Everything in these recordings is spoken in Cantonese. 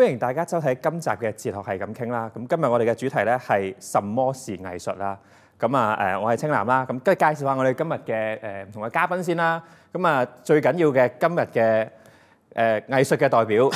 歡迎大家收睇今集嘅哲學係咁傾啦。咁今日我哋嘅主題咧係甚麼是藝術啦。咁啊誒，我係清楠啦。咁跟住介紹下我哋今日嘅誒唔同嘅嘉賓先啦。咁啊最緊要嘅今日嘅誒藝術嘅代表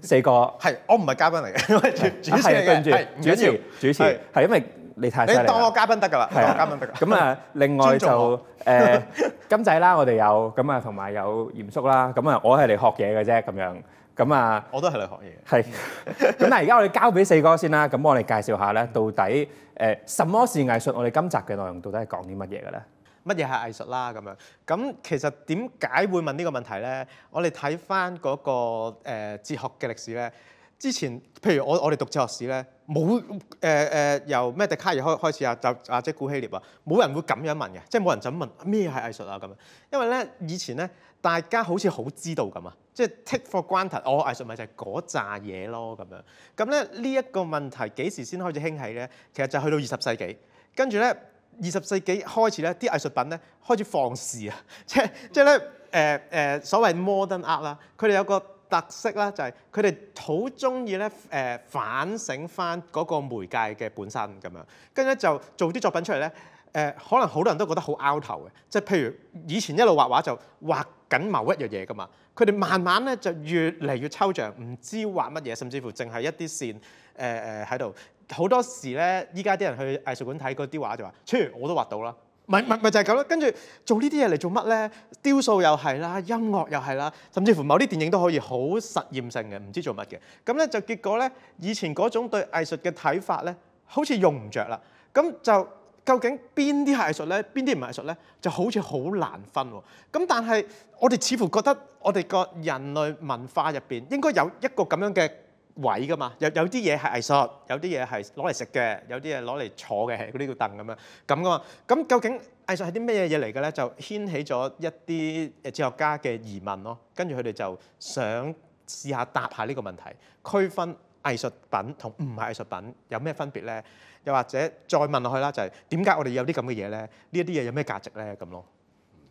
四個。係我唔係嘉賓嚟嘅，因為主主持嘅。係跟住主持主持係因為你太你當我嘉賓得㗎啦，當我嘉賓得㗎。咁啊另外就誒金仔啦，我哋有。咁啊同埋有鹽叔啦。咁啊我係嚟學嘢嘅啫咁樣。咁啊！我都係嚟學嘢。係。咁嗱，而家我哋交俾四哥先啦。咁我哋介紹下咧，到底誒、呃、什,什,什麼是藝術、啊？我哋今集嘅內容到底係講啲乜嘢嘅咧？乜嘢係藝術啦？咁樣。咁其實點解會問呢個問題咧？我哋睇翻嗰個、呃、哲學嘅歷史咧，之前譬如我我哋讀哲學史咧，冇誒誒由咩笛卡爾開開始啊，就或者古希臘啊，冇人會咁樣問嘅，即係冇人就問咩係藝術啊咁樣。因為咧，以前咧。大家好似好知道咁啊，即係 take for granted，哦，藝術咪就係嗰扎嘢咯咁樣。咁咧呢一個問題幾時先開始興起咧？其實就去到二十世紀，跟住咧二十世紀開始咧，啲藝術品咧開始放肆啊！即係即係咧誒誒所謂 modern art 啦，佢哋有個特色啦，就係佢哋好中意咧誒反省翻嗰個媒介嘅本身咁樣，跟住咧就做啲作品出嚟咧。誒、呃、可能好多人都覺得好拗頭嘅，即係譬如以前一路畫畫就畫緊某一樣嘢㗎嘛，佢哋慢慢咧就越嚟越抽象，唔知畫乜嘢，甚至乎淨係一啲線誒誒喺度。好、呃呃、多時咧，依家啲人去藝術館睇嗰啲畫就話：黐，我都畫到啦。咪咪咪就係咁啦。跟住做，做呢啲嘢嚟做乜咧？雕塑又係啦，音樂又係啦，甚至乎某啲電影都可以好實驗性嘅，唔知做乜嘅。咁咧就結果咧，以前嗰種對藝術嘅睇法咧，好似用唔着啦。咁就。究竟邊啲係藝術咧？邊啲唔係藝術咧？就好似好難分喎、啊。咁但係我哋似乎覺得我哋個人類文化入邊應該有一個咁樣嘅位㗎嘛。有有啲嘢係藝術，有啲嘢係攞嚟食嘅，有啲嘢攞嚟坐嘅，嗰啲叫凳咁樣咁㗎嘛。咁究竟藝術係啲咩嘢嚟嘅咧？就掀起咗一啲哲學家嘅疑問咯。跟住佢哋就想試下答下呢個問題，區分，藝術品同唔係藝術品有咩分別咧？又或者再問落去啦，就係點解我哋有啲咁嘅嘢咧？呢一啲嘢有咩價值咧？咁咯。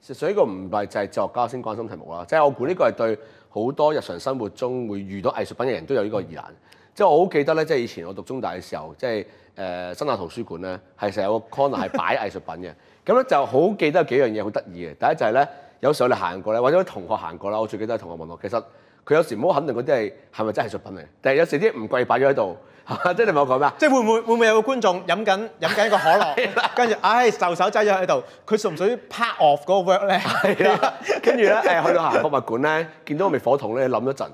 所以呢個唔係就係哲學家先關心嘅題目啦，即係我估呢個係對好多日常生活中會遇到藝術品嘅人都有呢個疑難。即係我好記得咧，即係以前我讀中大嘅時候，即係誒新亞圖書館咧，係成個 corner 係擺藝術品嘅。咁咧 就好記得幾樣嘢好得意嘅。第一就係咧，有時候你行過咧，或者同學行過啦，我最記得係同學問我，其實。佢有時唔好肯定嗰啲係係咪真係藝術品嚟，但係有時啲唔貴擺咗喺度， 你即真係問我講咩？即係會唔會會唔會有個觀眾飲緊飲緊一個可樂，跟住唉受手揸咗喺度，佢屬唔屬於 part of 嗰個 work 咧？係 啊！跟住咧誒去到行博物館咧，見到個滅火筒咧，諗一陣，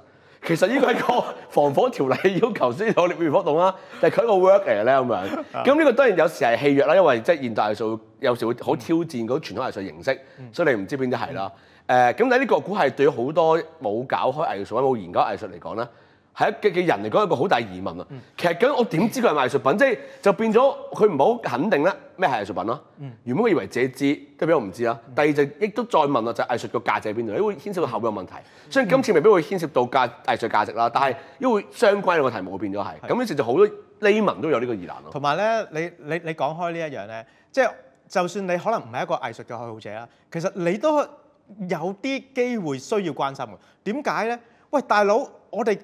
其實呢個係個防火條例要求先有滅滅火筒啦，但係佢係個 work 嚟咧咁樣。咁呢 個當然有時係戲謔啦，因為即係現代藝術有時會好挑戰嗰種傳統藝術形式，嗯、所以你唔知邊啲係啦。嗯誒咁睇呢個股係對好多冇搞開藝術或冇研究藝術嚟講咧，係一嘅嘅人嚟講一個好大疑問啊！嗯、其實咁我點知佢係藝術品？即係就變咗佢唔好肯定咧咩係藝術品咯？嗯、原本我以為自己知，跟住我唔知啦。第二就亦都再問啦，就係、藝術個價值喺邊度？因為牽涉到後邊嘅問題，所以今次未必會牽涉到價藝術價值啦。但係因為相關嘅題目會變咗係，咁於是時就好多 layer 都有呢個疑難咯。同埋咧，你你你講開呢一樣咧，即、就、係、係、就算你可能唔係一個藝術嘅愛好者啦，其實你都。有啲機會需要關心嘅，點解呢？喂，大佬，我哋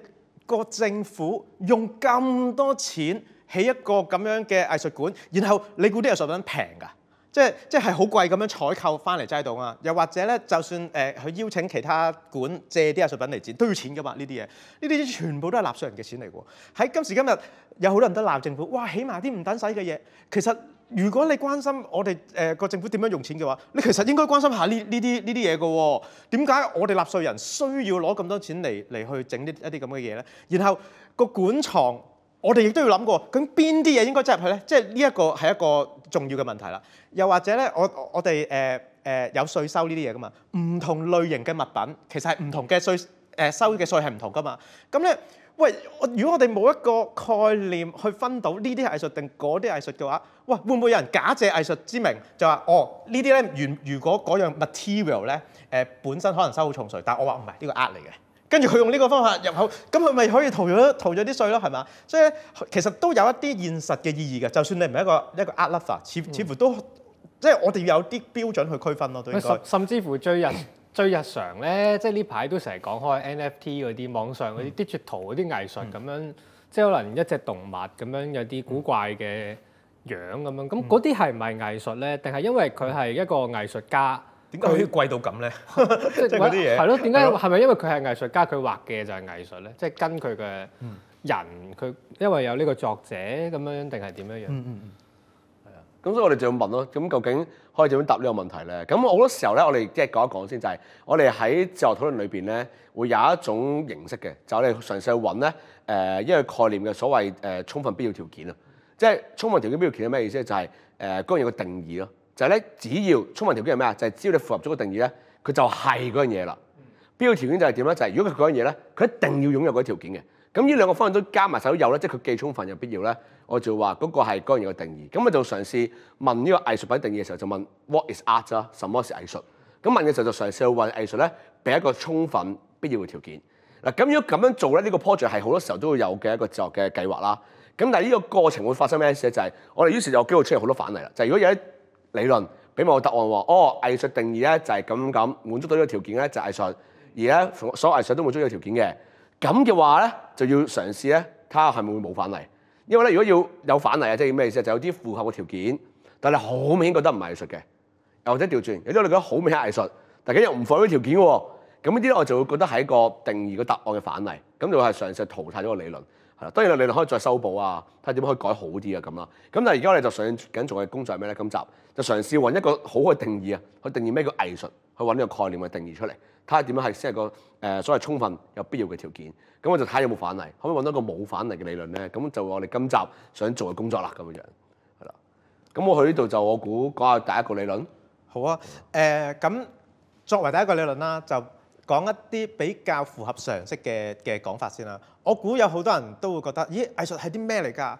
個政府用咁多錢起一個咁樣嘅藝術館，然後你估啲藝術品平㗎？即係即係好貴咁樣採購翻嚟齋到啊！又或者呢，就算誒佢、呃、邀請其他館借啲藝術品嚟展，都要錢㗎嘛。呢啲嘢，呢啲全部都係納稅人嘅錢嚟喎。喺今時今日，有好多人都鬧政府，哇，起埋啲唔等使嘅嘢，其實。如果你關心我哋誒個政府點樣用錢嘅話，你其實應該關心下呢呢啲呢啲嘢嘅喎。點解、哦、我哋納稅人需要攞咁多錢嚟嚟去整呢一啲咁嘅嘢咧？然後、這個館藏，我哋亦都要諗過，咁邊啲嘢應該執入去咧？即係呢一個係一個重要嘅問題啦。又或者咧，我我哋誒誒有稅收呢啲嘢噶嘛？唔同類型嘅物品其實係唔同嘅稅誒、呃、收嘅稅係唔同噶嘛？咁咧。喂，我如果我哋冇一個概念去分到呢啲藝術定嗰啲藝術嘅話，哇，會唔會有人假借藝術之名就話哦呢啲咧？如如果嗰樣 material 咧，誒、呃、本身可能收好重稅，但係我話唔係呢個呃嚟嘅，跟住佢用呢個方法入口，咁佢咪可以逃咗逃咗啲稅咯？係嘛？所以其實都有一啲現實嘅意義嘅。就算你唔係一個一個 art lover，似似乎都即係我哋要有啲標準去區分咯，都應該。甚至乎最近。 最日常咧，即係呢排都成日講開 NFT 嗰啲網上嗰啲 digital 嗰啲藝術咁樣，即係可能一隻動物咁樣有啲古怪嘅樣咁樣，咁嗰啲係唔係藝術咧？定係因為佢係一個藝術家，點解佢啲貴到咁咧？即係嗰啲嘢係咯，點解係咪因為佢係藝術家，佢畫嘅就係藝術咧？即係跟佢嘅人，佢因為有呢個作者咁樣，定係點樣樣？嗯嗯嗯，係啊。咁所以我哋就要問咯，咁究竟？可以點樣答呢個問題咧？咁好多時候咧，我哋即係講一講先，就係、是、我哋喺哲學討論裏邊咧，會有一種形式嘅，就係、是、我哋嘗試去揾咧誒一個概念嘅所謂誒、呃、充分必要條件啊。即係充分條件必要條件係咩意思咧？就係誒嗰樣嘢嘅定義咯，就係、是、咧只要充分條件係咩啊？就係、是、只要你符合咗個定義咧，佢就係嗰樣嘢啦。必要條件就係點咧？就係、是、如果佢嗰樣嘢咧，佢一定要擁有嗰啲條件嘅。咁呢兩個方向都加埋手有咧，即係佢既充分又必要咧，我就話嗰、那個係個人嘅定義。咁我就嘗試問呢個藝術品定義嘅時候，就問 What is art 啊？什麼是藝術？咁問嘅時候就嘗試問藝術咧，俾一個充分必要嘅條件嗱。咁如果咁樣做咧，呢、這個 project 係好多時候都會有嘅一個作嘅計劃啦。咁但係呢個過程會發生咩事咧？就係、是、我哋於是就有機會出現好多反例啦。就是、如果有一理論俾我答案話，哦藝術定義咧就係咁咁，滿足到呢個條件咧就是、藝術，而家所有藝術都滿足呢個條件嘅咁嘅話咧，就要嘗試咧，睇下係咪會冇反例。因為咧，如果要有反例啊，即係要咩意思？就有啲符合個條件，但係好明顯覺得唔係藝術嘅。又或者調轉，有啲我覺得好明顯藝術，但係佢又唔符合條件喎。咁呢啲我就會覺得係一個定義個答案嘅反例。咁就係嘗試淘汰咗個理論。當然個理論可以再修補啊，睇點樣可以改好啲啊咁啦。咁但係而家我哋就嘗試緊做嘅工作係咩咧？今集就嘗試揾一個好嘅定義啊，去定義咩叫藝術。去揾呢個概念嘅定義出嚟，睇下點樣係先係個誒、呃、所謂充分有必要嘅條件。咁我就睇有冇反例，可唔可以揾到一個冇反例嘅理論咧？咁就我哋今集想做嘅工作啦，咁樣，係啦。咁我去呢度就我估講下第一個理論。好啊，誒、呃、咁作為第一個理論啦，就講一啲比較符合常識嘅嘅講法先啦。我估有好多人都會覺得，咦，藝術係啲咩嚟㗎？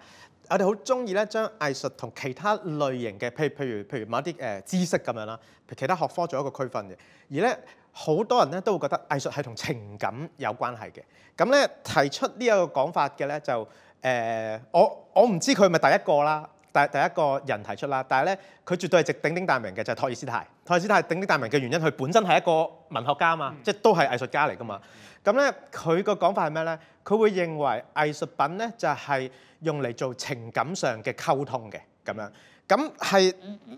我哋好中意咧將藝術同其他類型嘅，譬如譬如譬如某一啲誒知識咁樣啦，其他學科做一個區分嘅。而咧好多人咧都會覺得藝術係同情感有關係嘅。咁咧提出呢一個講法嘅咧就誒、呃，我我唔知佢係咪第一個啦。第一個人提出啦，但係咧，佢絕對係頂頂大名嘅，就係、是、托爾斯泰。托爾斯泰頂頂大名嘅原因，佢本身係一個文學家啊嘛，嗯、即係都係藝術家嚟㗎嘛。咁咧、嗯，佢個講法係咩咧？佢會認為藝術品咧就係、是、用嚟做情感上嘅溝通嘅咁樣。咁係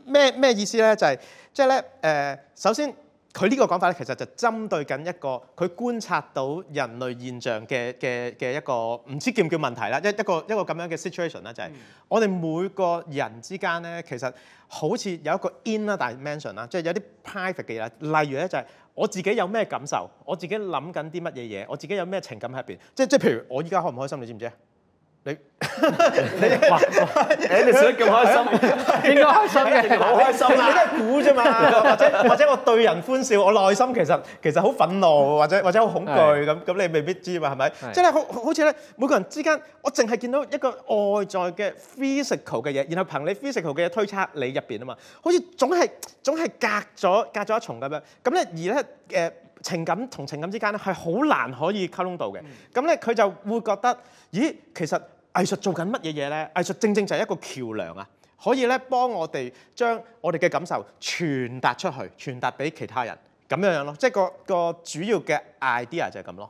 咩咩意思咧？就係即係咧，誒、就是呃，首先。佢呢個講法咧，其實就針對緊一個佢觀察到人類現象嘅嘅嘅一個唔知叫唔叫問題啦，一個一個一個咁樣嘅 situation 啦，就係我哋每個人之間咧，其實好似有一個 inner dimension 啦，即係有啲 private 嘅嘢。例如咧，就係我自己有咩感受，我自己諗緊啲乜嘢嘢，我自己有咩情感喺入邊。即即係譬如我依家開唔開心，你知唔知啊？你你你笑得咁開心， 應該開心啊！ 好開心 你都係估啫嘛，或者或者我對人歡笑，我內心其實其實好憤怒，或者或者好恐懼咁咁，是的 你未必知嘛？係咪？即係是的 好好似咧，每個人之間，我淨係見到一個外在嘅 physical 嘅嘢，然後憑你 physical 嘅嘢推測你入邊啊嘛，好似總係總係隔咗隔咗一重咁樣。咁咧而咧誒。呃情感同情感之間咧係好難可以溝通到嘅，咁咧佢就會覺得，咦，其實藝術做緊乜嘢嘢咧？藝術正正就係一個橋梁啊，可以咧幫我哋將我哋嘅感受傳達出去，傳達俾其他人，咁樣樣咯，即係個個主要嘅 idea 就係咁咯。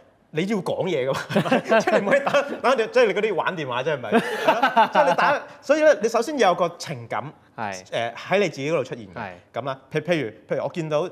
你要講嘢㗎嘛？即係你唔可以打打即係你嗰啲玩電話，即係咪？即係你打，所以咧，你首先要有個情感，係誒喺你自己嗰度出現嘅，係咁啦。譬譬如譬如我見到誒誒、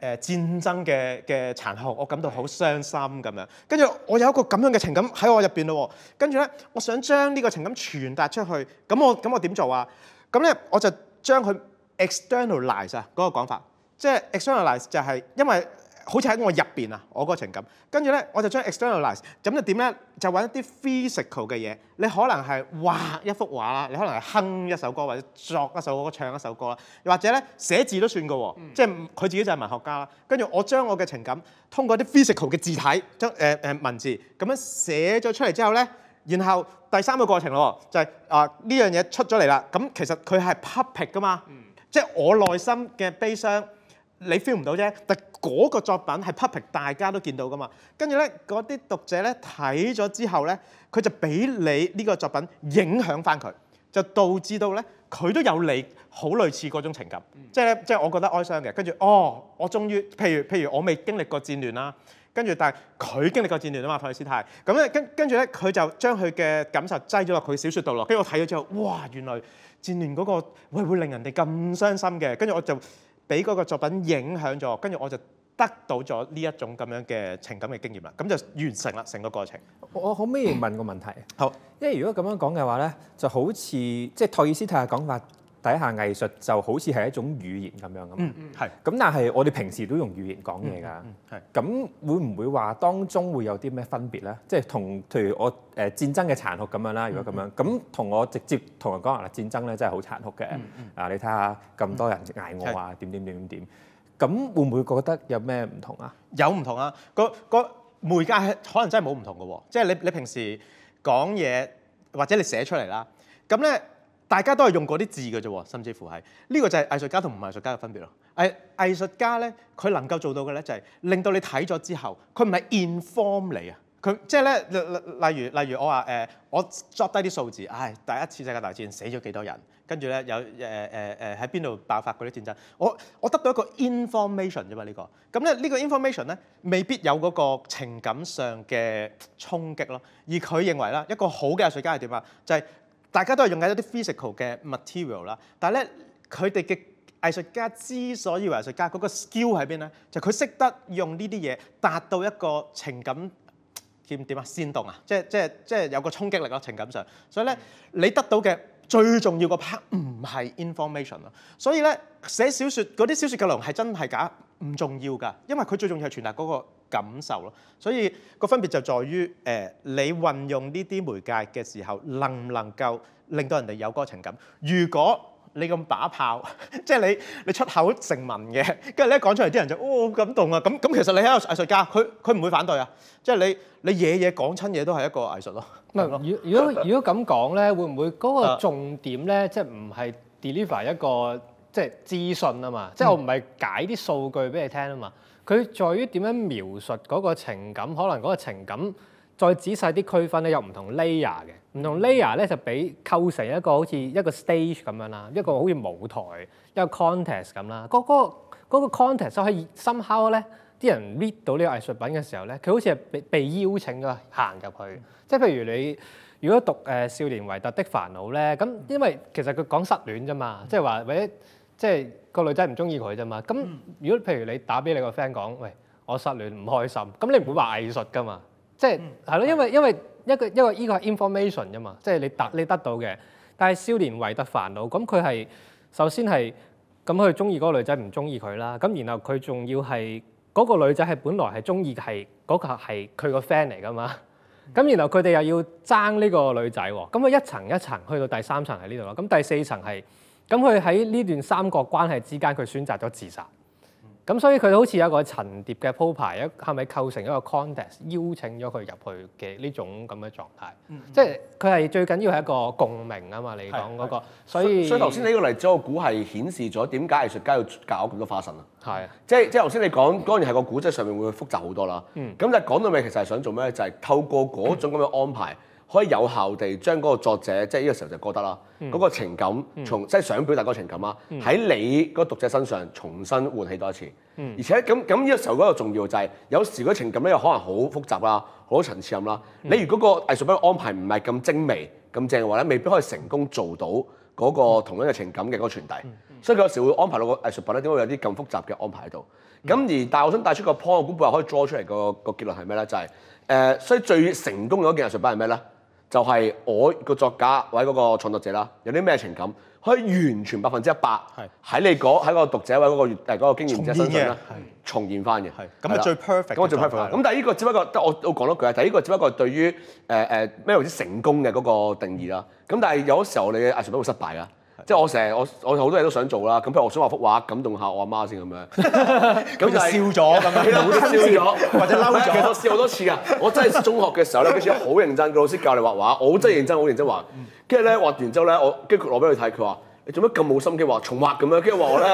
呃、戰爭嘅嘅殘酷，我感到好傷心咁樣。跟住我有一個咁樣嘅情感喺我入邊咯喎。跟住咧，我想將呢個情感傳達出去。咁、嗯嗯嗯嗯、我咁我點做啊？咁咧我就將佢 externalize 嗰個講法，即係 externalize 就係、是、因為。好似喺我入邊啊，我個情感。跟住咧，我就將 externalize，咁就點咧？就揾一啲 physical 嘅嘢，你可能係畫一幅畫啦，你可能係哼一首歌或者作一首歌、唱一首歌啦，又或者咧寫字都算㗎喎。即係佢自己就係文學家啦。跟住我將我嘅情感通過啲 physical 嘅字體，將誒誒、呃、文字咁樣寫咗出嚟之後咧，然後第三個過程咯，就係啊呢樣嘢出咗嚟啦。咁其實佢係 public 㗎嘛，嗯、即係我內心嘅悲傷。你 feel 唔到啫，但嗰個作品係 popular，大家都見到噶嘛。跟住咧，嗰啲讀者咧睇咗之後咧，佢就俾你呢個作品影響翻佢，就導致到咧佢都有你好類似嗰種情感，即係咧即係我覺得哀傷嘅。跟住哦，我終於，譬如譬如我未經歷過戰亂啦，跟住但係佢經歷過戰亂啊嘛，托爾斯泰。咁咧跟跟住咧，佢就將佢嘅感受擠咗落佢小説度落。跟住我睇咗之後，哇！原來戰亂嗰個會會令人哋咁傷心嘅。跟住我就。俾嗰個作品影響咗，跟住我就得到咗呢一種咁樣嘅情感嘅經驗啦，咁就完成啦成個過程。我可唔可以問個問題？好、嗯，因為如果咁樣講嘅話咧，就好似即係托爾斯泰嘅講法。底下藝術就好似係一種語言咁樣咁，係咁，但係我哋平時都用語言講嘢㗎，係咁會唔會話當中會有啲咩分別咧？即係同譬如我誒戰爭嘅殘酷咁樣啦。如果咁樣咁，同我直接同人講話啊，戰爭咧真係好殘酷嘅啊！你睇下咁多人挨餓啊，點點點點點，咁會唔會覺得有咩唔同啊？有唔同啊！個個媒介可能真係冇唔同嘅喎，即係你你平時講嘢或者你寫出嚟啦，咁咧。大家都係用嗰啲字嘅啫，甚至乎係呢、這個就係藝術家同唔藝術家嘅分別咯。藝藝術家咧，佢能夠做到嘅咧就係、是、令到你睇咗之後，佢唔係 inform 你啊。佢即係咧，例例如例如我話誒、呃，我作低啲數字，唉，第一次世界大戰死咗幾多人？跟住咧有誒誒誒喺邊度爆發嗰啲戰爭。我我得到一個 information 啫嘛，這個、呢個咁咧呢個 information 咧未必有嗰個情感上嘅衝擊咯。而佢認為啦，一個好嘅藝術家係點啊？就係、是大家都係用緊一啲 physical 嘅 material 啦，但係咧佢哋嘅藝術家之所以為藝術家，嗰、那個 skill 喺邊咧？就佢、是、識得用呢啲嘢達到一個情感點點啊煽動啊，即係即係即係有個衝擊力咯情感上，所以咧、mm hmm. 你得到嘅。最重要，重要，最重要個 part 唔係 information 咯，所以咧寫小説嗰啲小説嘅量係真係假唔重要㗎，因為佢最重要係傳達嗰個感受咯。所以個分別就在於誒、呃、你運用呢啲媒介嘅時候，能唔能夠令到人哋有個情感？如果你咁把炮，即係你你出口成文嘅，跟住咧講出嚟啲人就哦好感動啊，咁咁其實你係一個藝術家，佢佢唔會反對啊，即係你你嘢嘢講親嘢都係一個藝術咯。如如果如果咁講咧，會唔會嗰個重點咧，即係唔，uh, 係 deliver 一個即係資訊啊嘛？即係我唔係解啲數據俾你聽啊嘛，佢在於點樣描述嗰個情感，可能嗰個情感。再仔細啲區分咧，有唔同 layer 嘅，唔同 layer 咧就俾構成一個好似一個 stage 咁樣啦，一個好似舞台一個 context 咁啦。個嗰個 context，可以 somehow 咧，啲人 read 到呢個藝術品嘅時候咧，佢好似係被被邀請啊行入去。嗯、即係譬如你如果讀誒、呃《少年維特的煩惱》呢咧，咁因為其實佢講失戀啫嘛、就是，即係話或者即係個女仔唔中意佢啫嘛。咁如果譬如你打俾你個 friend 講喂，我失戀唔開心，咁你唔會話藝術㗎嘛？即係係咯，因為因為一個因為呢個係 information 啫嘛，即係你得你得到嘅。但係少年維特煩惱，咁佢係首先係咁佢中意嗰個女仔唔中意佢啦。咁然後佢仲要係嗰、嗰個女仔係本來係中意係嗰個係佢個 friend 嚟噶嘛。咁然後佢哋又要爭呢個女仔喎。咁佢一層一層去到第三層喺呢度啦。咁第四層係咁佢喺呢段三角關係之間，佢選擇咗自殺。咁所以佢好似有一個層疊嘅鋪排，一係咪構成一個 context 邀請咗佢入去嘅呢種咁嘅狀態？嗯、即係佢係最緊要係一個共鳴啊嘛，你講嗰、那個，所以所以頭先你呢個例子個估係顯示咗點解藝術家要搞咁多花神啊？係，即係即係頭先你講當然係個古跡上面會複雜好多啦。嗯，咁但係講到尾其實係想做咩就係、是、透過嗰種咁嘅安排。嗯可以有效地將嗰個作者，即係呢個時候就歌德啦，嗰、嗯、個情感從、嗯、即係想表達嗰個情感啦，喺、嗯、你個讀者身上重新喚起多一次。嗯、而且咁咁呢個時候嗰個重要就係，有時嗰情感咧又可能好複雜啦，好多層次咁啦。嗯、你如果個藝術品安排唔係咁精微、咁正嘅話咧，未必可以成功做到嗰個同樣嘅情感嘅嗰個傳遞。嗯嗯嗯、所以佢有時會安排到個藝術品咧，點解會有啲咁複雜嘅安排喺度？咁、嗯、而但係我想帶出個 point，古柏可以 draw 出嚟個個結論係咩咧？就係、是、誒、呃，所以最成功嘅嗰件藝術品係咩咧？就係我個作家或者嗰個創作者啦，有啲咩情感可以完全百分之一百喺是你嗰、那、喺、個、個讀者或者嗰、那個誒嗰、那個經驗者身上重，是重現重現翻嘅。咁啊最 perfect，咁最 perfect。咁但係呢個只不過，我我講多句啊，但係呢個只不過對於誒誒咩為之成功嘅嗰個定義啦。咁的但係有啲時候你嘅藝術都會失敗噶。即係我成日我我好多嘢都想做啦，咁譬如我想畫幅畫感動下我阿媽先咁樣，咁 就笑咗咁樣，我都笑咗 或者嬲咗，笑好多次啊！我真係中學嘅時候咧，嗰時好認真嘅 老師教你畫畫，我真係認真，好認真畫，跟住咧畫完之後咧，我跟住攞俾佢睇，佢話。你做乜咁冇心機畫重畫咁樣？跟住話我咧，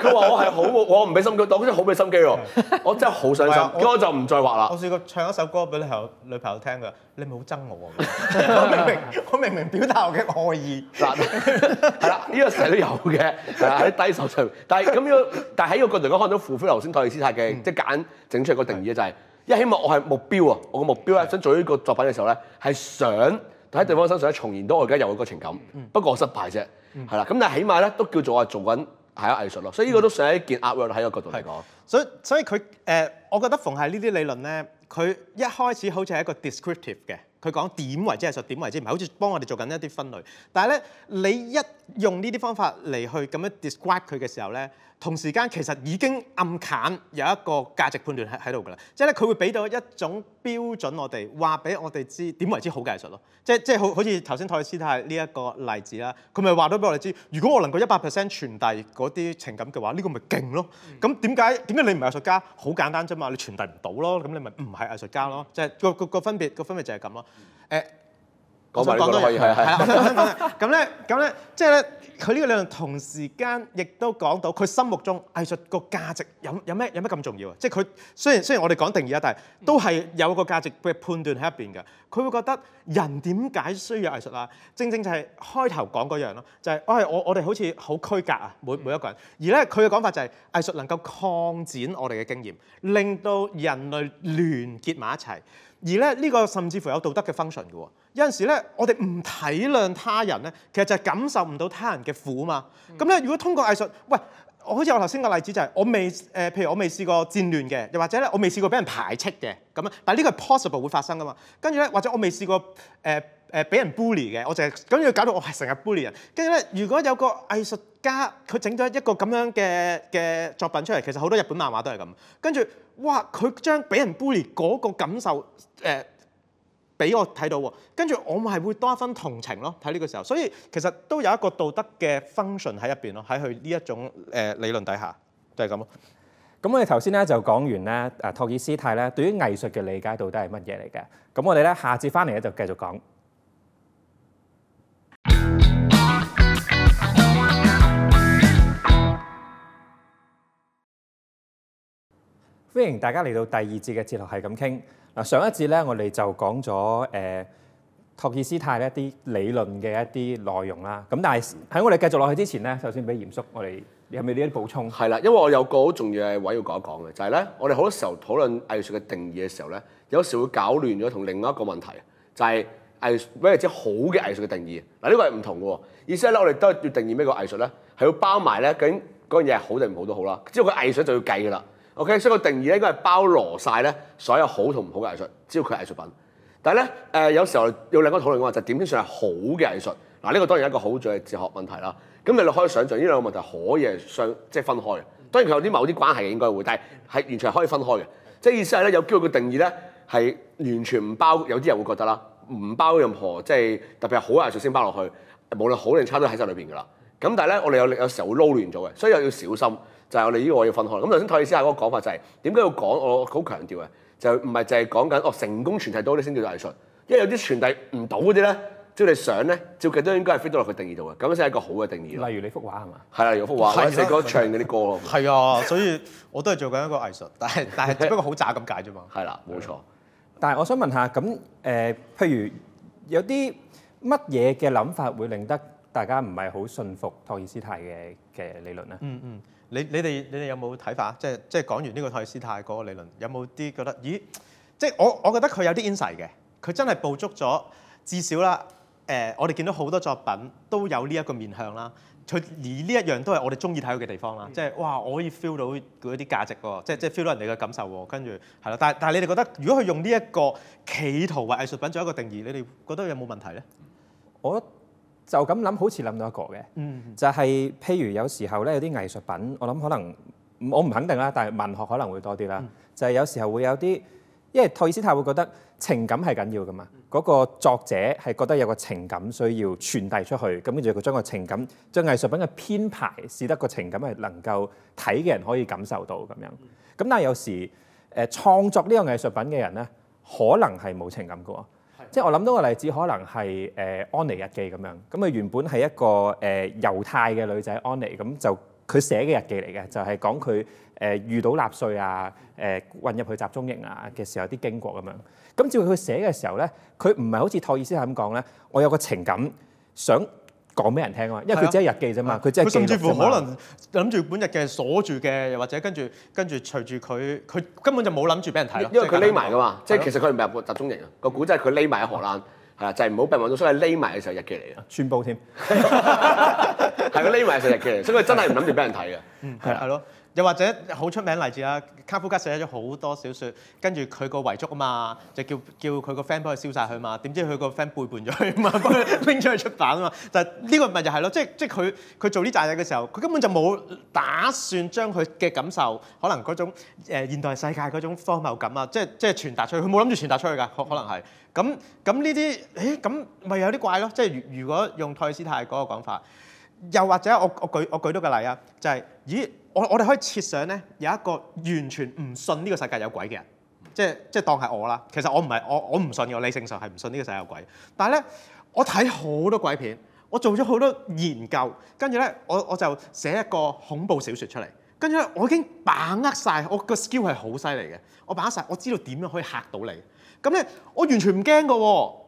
佢話我係好，我唔俾心機，我真係好俾心機喎，我真係好上心。跟住、哎、我就唔再畫啦。我試過唱一首歌俾你後女朋友聽㗎，你咪好憎我？ 我明明我明明表達我嘅愛意，係啦，呢個成日都有嘅，係啦，喺低手上。但係咁樣，但係喺個角度講，可能都符合返頭先托爾斯泰嘅，即係揀整出嚟個定義就係、是，一、嗯、希望我係目標啊！我個目標咧，嗯、想做呢個作品嘅時候咧，係想喺對方身上重現到我而家有嘅一個情感，嗯、不過我失敗啫。係啦，咁但係起碼咧都叫做我做緊係一藝術咯，所以呢個都算係一件 artwork 喺個角度嚟講。所以所以佢誒、呃，我覺得逢係呢啲理論咧，佢一開始好似係一個 descriptive 嘅，佢講點為之藝術，點為之唔係，好似幫我哋做緊一啲分類。但係咧，你一用呢啲方法嚟去咁樣 describe 佢嘅時候咧。同時間其實已經暗砍有一個價值判斷喺喺度㗎啦，即係咧佢會俾到一種標準我，我哋話俾我哋知點為之好嘅藝術咯。即即係好好似頭先托爾斯泰呢一個例子啦，佢咪話咗俾我哋知，如果我能夠一百 percent 傳遞嗰啲情感嘅話，呢、這個咪勁咯。咁點解點解你唔係藝術家？好簡單啫嘛，你傳遞唔到咯，咁你咪唔係藝術家咯。即係個個，個分別個分別就係咁咯。誒、嗯。Uh, 我買咗個內衣，係咁咧，咁咧，即係咧，佢呢個理論同時間亦都講到佢心目中藝術個價值有有咩有咩咁重要啊？即係佢雖然雖然我哋講定義啊，但係都係有個價值嘅判斷喺入邊嘅。佢會覺得人點解需要藝術啊？正正就係開頭講嗰樣咯，就係、係哎、我我我哋好似好區隔啊，每每一個人。而咧佢嘅講法就係、係、藝術能夠擴展我哋嘅經驗，令到人類聯結埋一齊。而咧呢、這個甚至乎有道德嘅 function 嘅喎，有陣時咧我哋唔體諒他人咧，其實就係感受唔到他人嘅苦嘛。咁咧、嗯、如果通過藝術，喂，好似我頭先個例子就係、是、我未誒、呃，譬如我未試過戰亂嘅，又或者咧我未試過俾人排斥嘅咁啊，但係呢個係 possible 會發生噶嘛。跟住咧或者我未試過誒。呃誒俾、呃、人 bully 嘅，我就係咁要搞到我係成日 bully 人。跟住咧，如果有個藝術家佢整咗一個咁樣嘅嘅作品出嚟，其實好多日本漫畫都係咁。跟住，哇！佢將俾人 bully 嗰個感受誒俾、呃、我睇到喎。跟住我咪係會多一分同情咯。喺呢個時候，所以其實都有一個道德嘅 function 喺入邊咯，喺佢呢一種誒、呃、理論底下就係咁咯。咁我哋頭先咧就講完咧，誒、啊、托爾斯泰咧對於藝術嘅理解到底係乜嘢嚟嘅？咁我哋咧下次翻嚟咧就繼續講。歡迎大家嚟到第二節嘅節目，係咁傾。嗱，上一節咧，我哋就講咗誒、呃、托爾斯泰咧一啲理論嘅一啲內容啦。咁但係喺我哋繼續落去之前咧，首先俾嚴叔，我哋你係咪呢啲補充？係啦，因為我有個好重要嘅位要講一講嘅，就係咧，我哋好多時候討論藝術嘅定義嘅時候咧，有時會搞亂咗同另外一個問題，就係、是、藝術，即係好嘅藝術嘅定義。嗱，呢個係唔同嘅，意思係咧，我哋都係要定義咩叫藝術咧，係要包埋咧，究竟嗰樣嘢係好定唔好都好啦。只要佢藝術就要計㗎啦。OK，所以個定義咧，應該係包羅晒咧，所有好同唔好嘅藝術，只要佢係藝術品。但係咧誒，有時候有兩個討論嘅話，就點、是、先算係好嘅藝術？嗱、呃，呢、呢個當然係一個好嘅哲學問題啦。咁你你可以想像呢兩個問題可以係相即係分開嘅。當然佢有啲某啲關係嘅應該會，但係係完全可以分開嘅。即係意思係咧，有機會個定義咧係完全唔包，有啲人會覺得啦，唔包任何即係特別係好藝術先包落去，無論好定差都喺曬裏邊㗎啦。咁但係咧，我哋有有時候會撈亂咗嘅，所以又要小心。就係我哋呢個我要分開。咁頭先托爾斯泰嗰個講法就係點解要講？我好強調嘅就唔係淨係講緊哦成功傳遞到嗰啲先叫做藝術，因為有啲傳遞唔到嗰啲咧，即係你想咧，照極都應該係 fit 到落佢定義度嘅，咁先係一個好嘅定義。例如你幅畫係嘛？係啊，你幅畫，我成的個唱嗰啲歌咯。係啊的， 所以我都係做緊一個藝術，但係但係只不過好渣咁解啫嘛。係啦，冇錯。的但係我想問下咁誒、呃，譬如有啲乜嘢嘅諗法會令得大家唔係好信服托爾斯泰嘅嘅理論咧、嗯？嗯嗯。你你哋你哋有冇睇法啊？即係即係講完呢個泰斯泰嗰個理論，有冇啲覺得？咦，即係我我覺得佢有啲 insight 嘅，佢真係捕捉咗至少啦。誒、呃，我哋見到好多作品都有呢一個面向啦。佢而呢一樣都係我哋中意睇佢嘅地方啦。的即係哇，我可以 feel 到嗰啲價值喎。即即 feel 到人哋嘅感受喎。跟住係咯。但係但係你哋覺得，如果佢用呢一個企圖為藝術品做一個定義，你哋覺得有冇問題咧？我就咁諗，好似諗到一個嘅，嗯、就係、是、譬如有時候咧，有啲藝術品，我諗可能我唔肯定啦，但係文學可能會多啲啦。嗯、就係有時候會有啲，因為托爾斯泰會覺得情感係緊要噶嘛，嗰、嗯、個作者係覺得有個情感需要傳遞出去，咁跟住佢將個情感將藝術品嘅編排，使得個情感係能夠睇嘅人可以感受到咁樣。咁、嗯、但係有時誒、呃、創作呢個藝術品嘅人咧，可能係冇情感嘅。即係我諗到個例子，可能係誒、呃、安妮日記咁樣，咁啊原本係一個誒猶、呃、太嘅女仔安妮，咁就佢寫嘅日記嚟嘅，就係講佢誒遇到納粹啊、誒、呃、混入去集中營啊嘅時候啲經過咁樣。咁至於佢寫嘅時候咧，佢唔係好似托爾斯泰咁講咧，我有個情感想講俾人聽啊嘛，因為佢只係日記啫嘛，佢即係佢甚至乎可能諗住本日記鎖住嘅，又或者跟住跟住隨住佢，佢根本就冇諗住俾人睇咯，因為佢匿埋噶嘛。即係其實佢唔係個集中型啊，對的 個古仔佢匿埋喺荷蘭，係啊的，對就係唔好俾人望到，所以匿埋嘅時候，日記嚟嘅。穿煲添，係佢匿埋嘅時候日記嚟，所以佢部 真係唔諗住俾人睇嘅。係係咯。又或者好出名例子啦，卡夫卡寫咗好多小説，跟住佢個遺囑啊嘛，就叫叫佢個 friend 幫佢燒晒佢嘛，點知佢個 friend 背叛咗佢嘛，幫佢拎出去出版啊嘛，但就呢個咪就係咯，即係即係佢佢做呢啲大嘢嘅時候，佢根本就冇打算將佢嘅感受，可能嗰種誒、呃、現代世界嗰種荒謬感啊，即係即係傳達出去，佢冇諗住傳達出去㗎，可能係咁咁呢啲，誒咁咪有啲怪咯，即係如如果用泰斯泰嗰個講法，又或者我我舉我舉多個例啊，就係、是、咦？我我哋可以設想咧，有一個完全唔信呢個世界有鬼嘅人，即係即係當係我啦。其實我唔係我我唔信嘅，理性上係唔信呢個世界有鬼。但係咧，我睇好多鬼片，我做咗好多研究，跟住咧，我我就寫一個恐怖小説出嚟。跟住咧，我已經把握晒，我個 skill 係好犀利嘅。我把握晒，我知道點樣可以嚇到你。咁咧，我完全唔驚㗎。我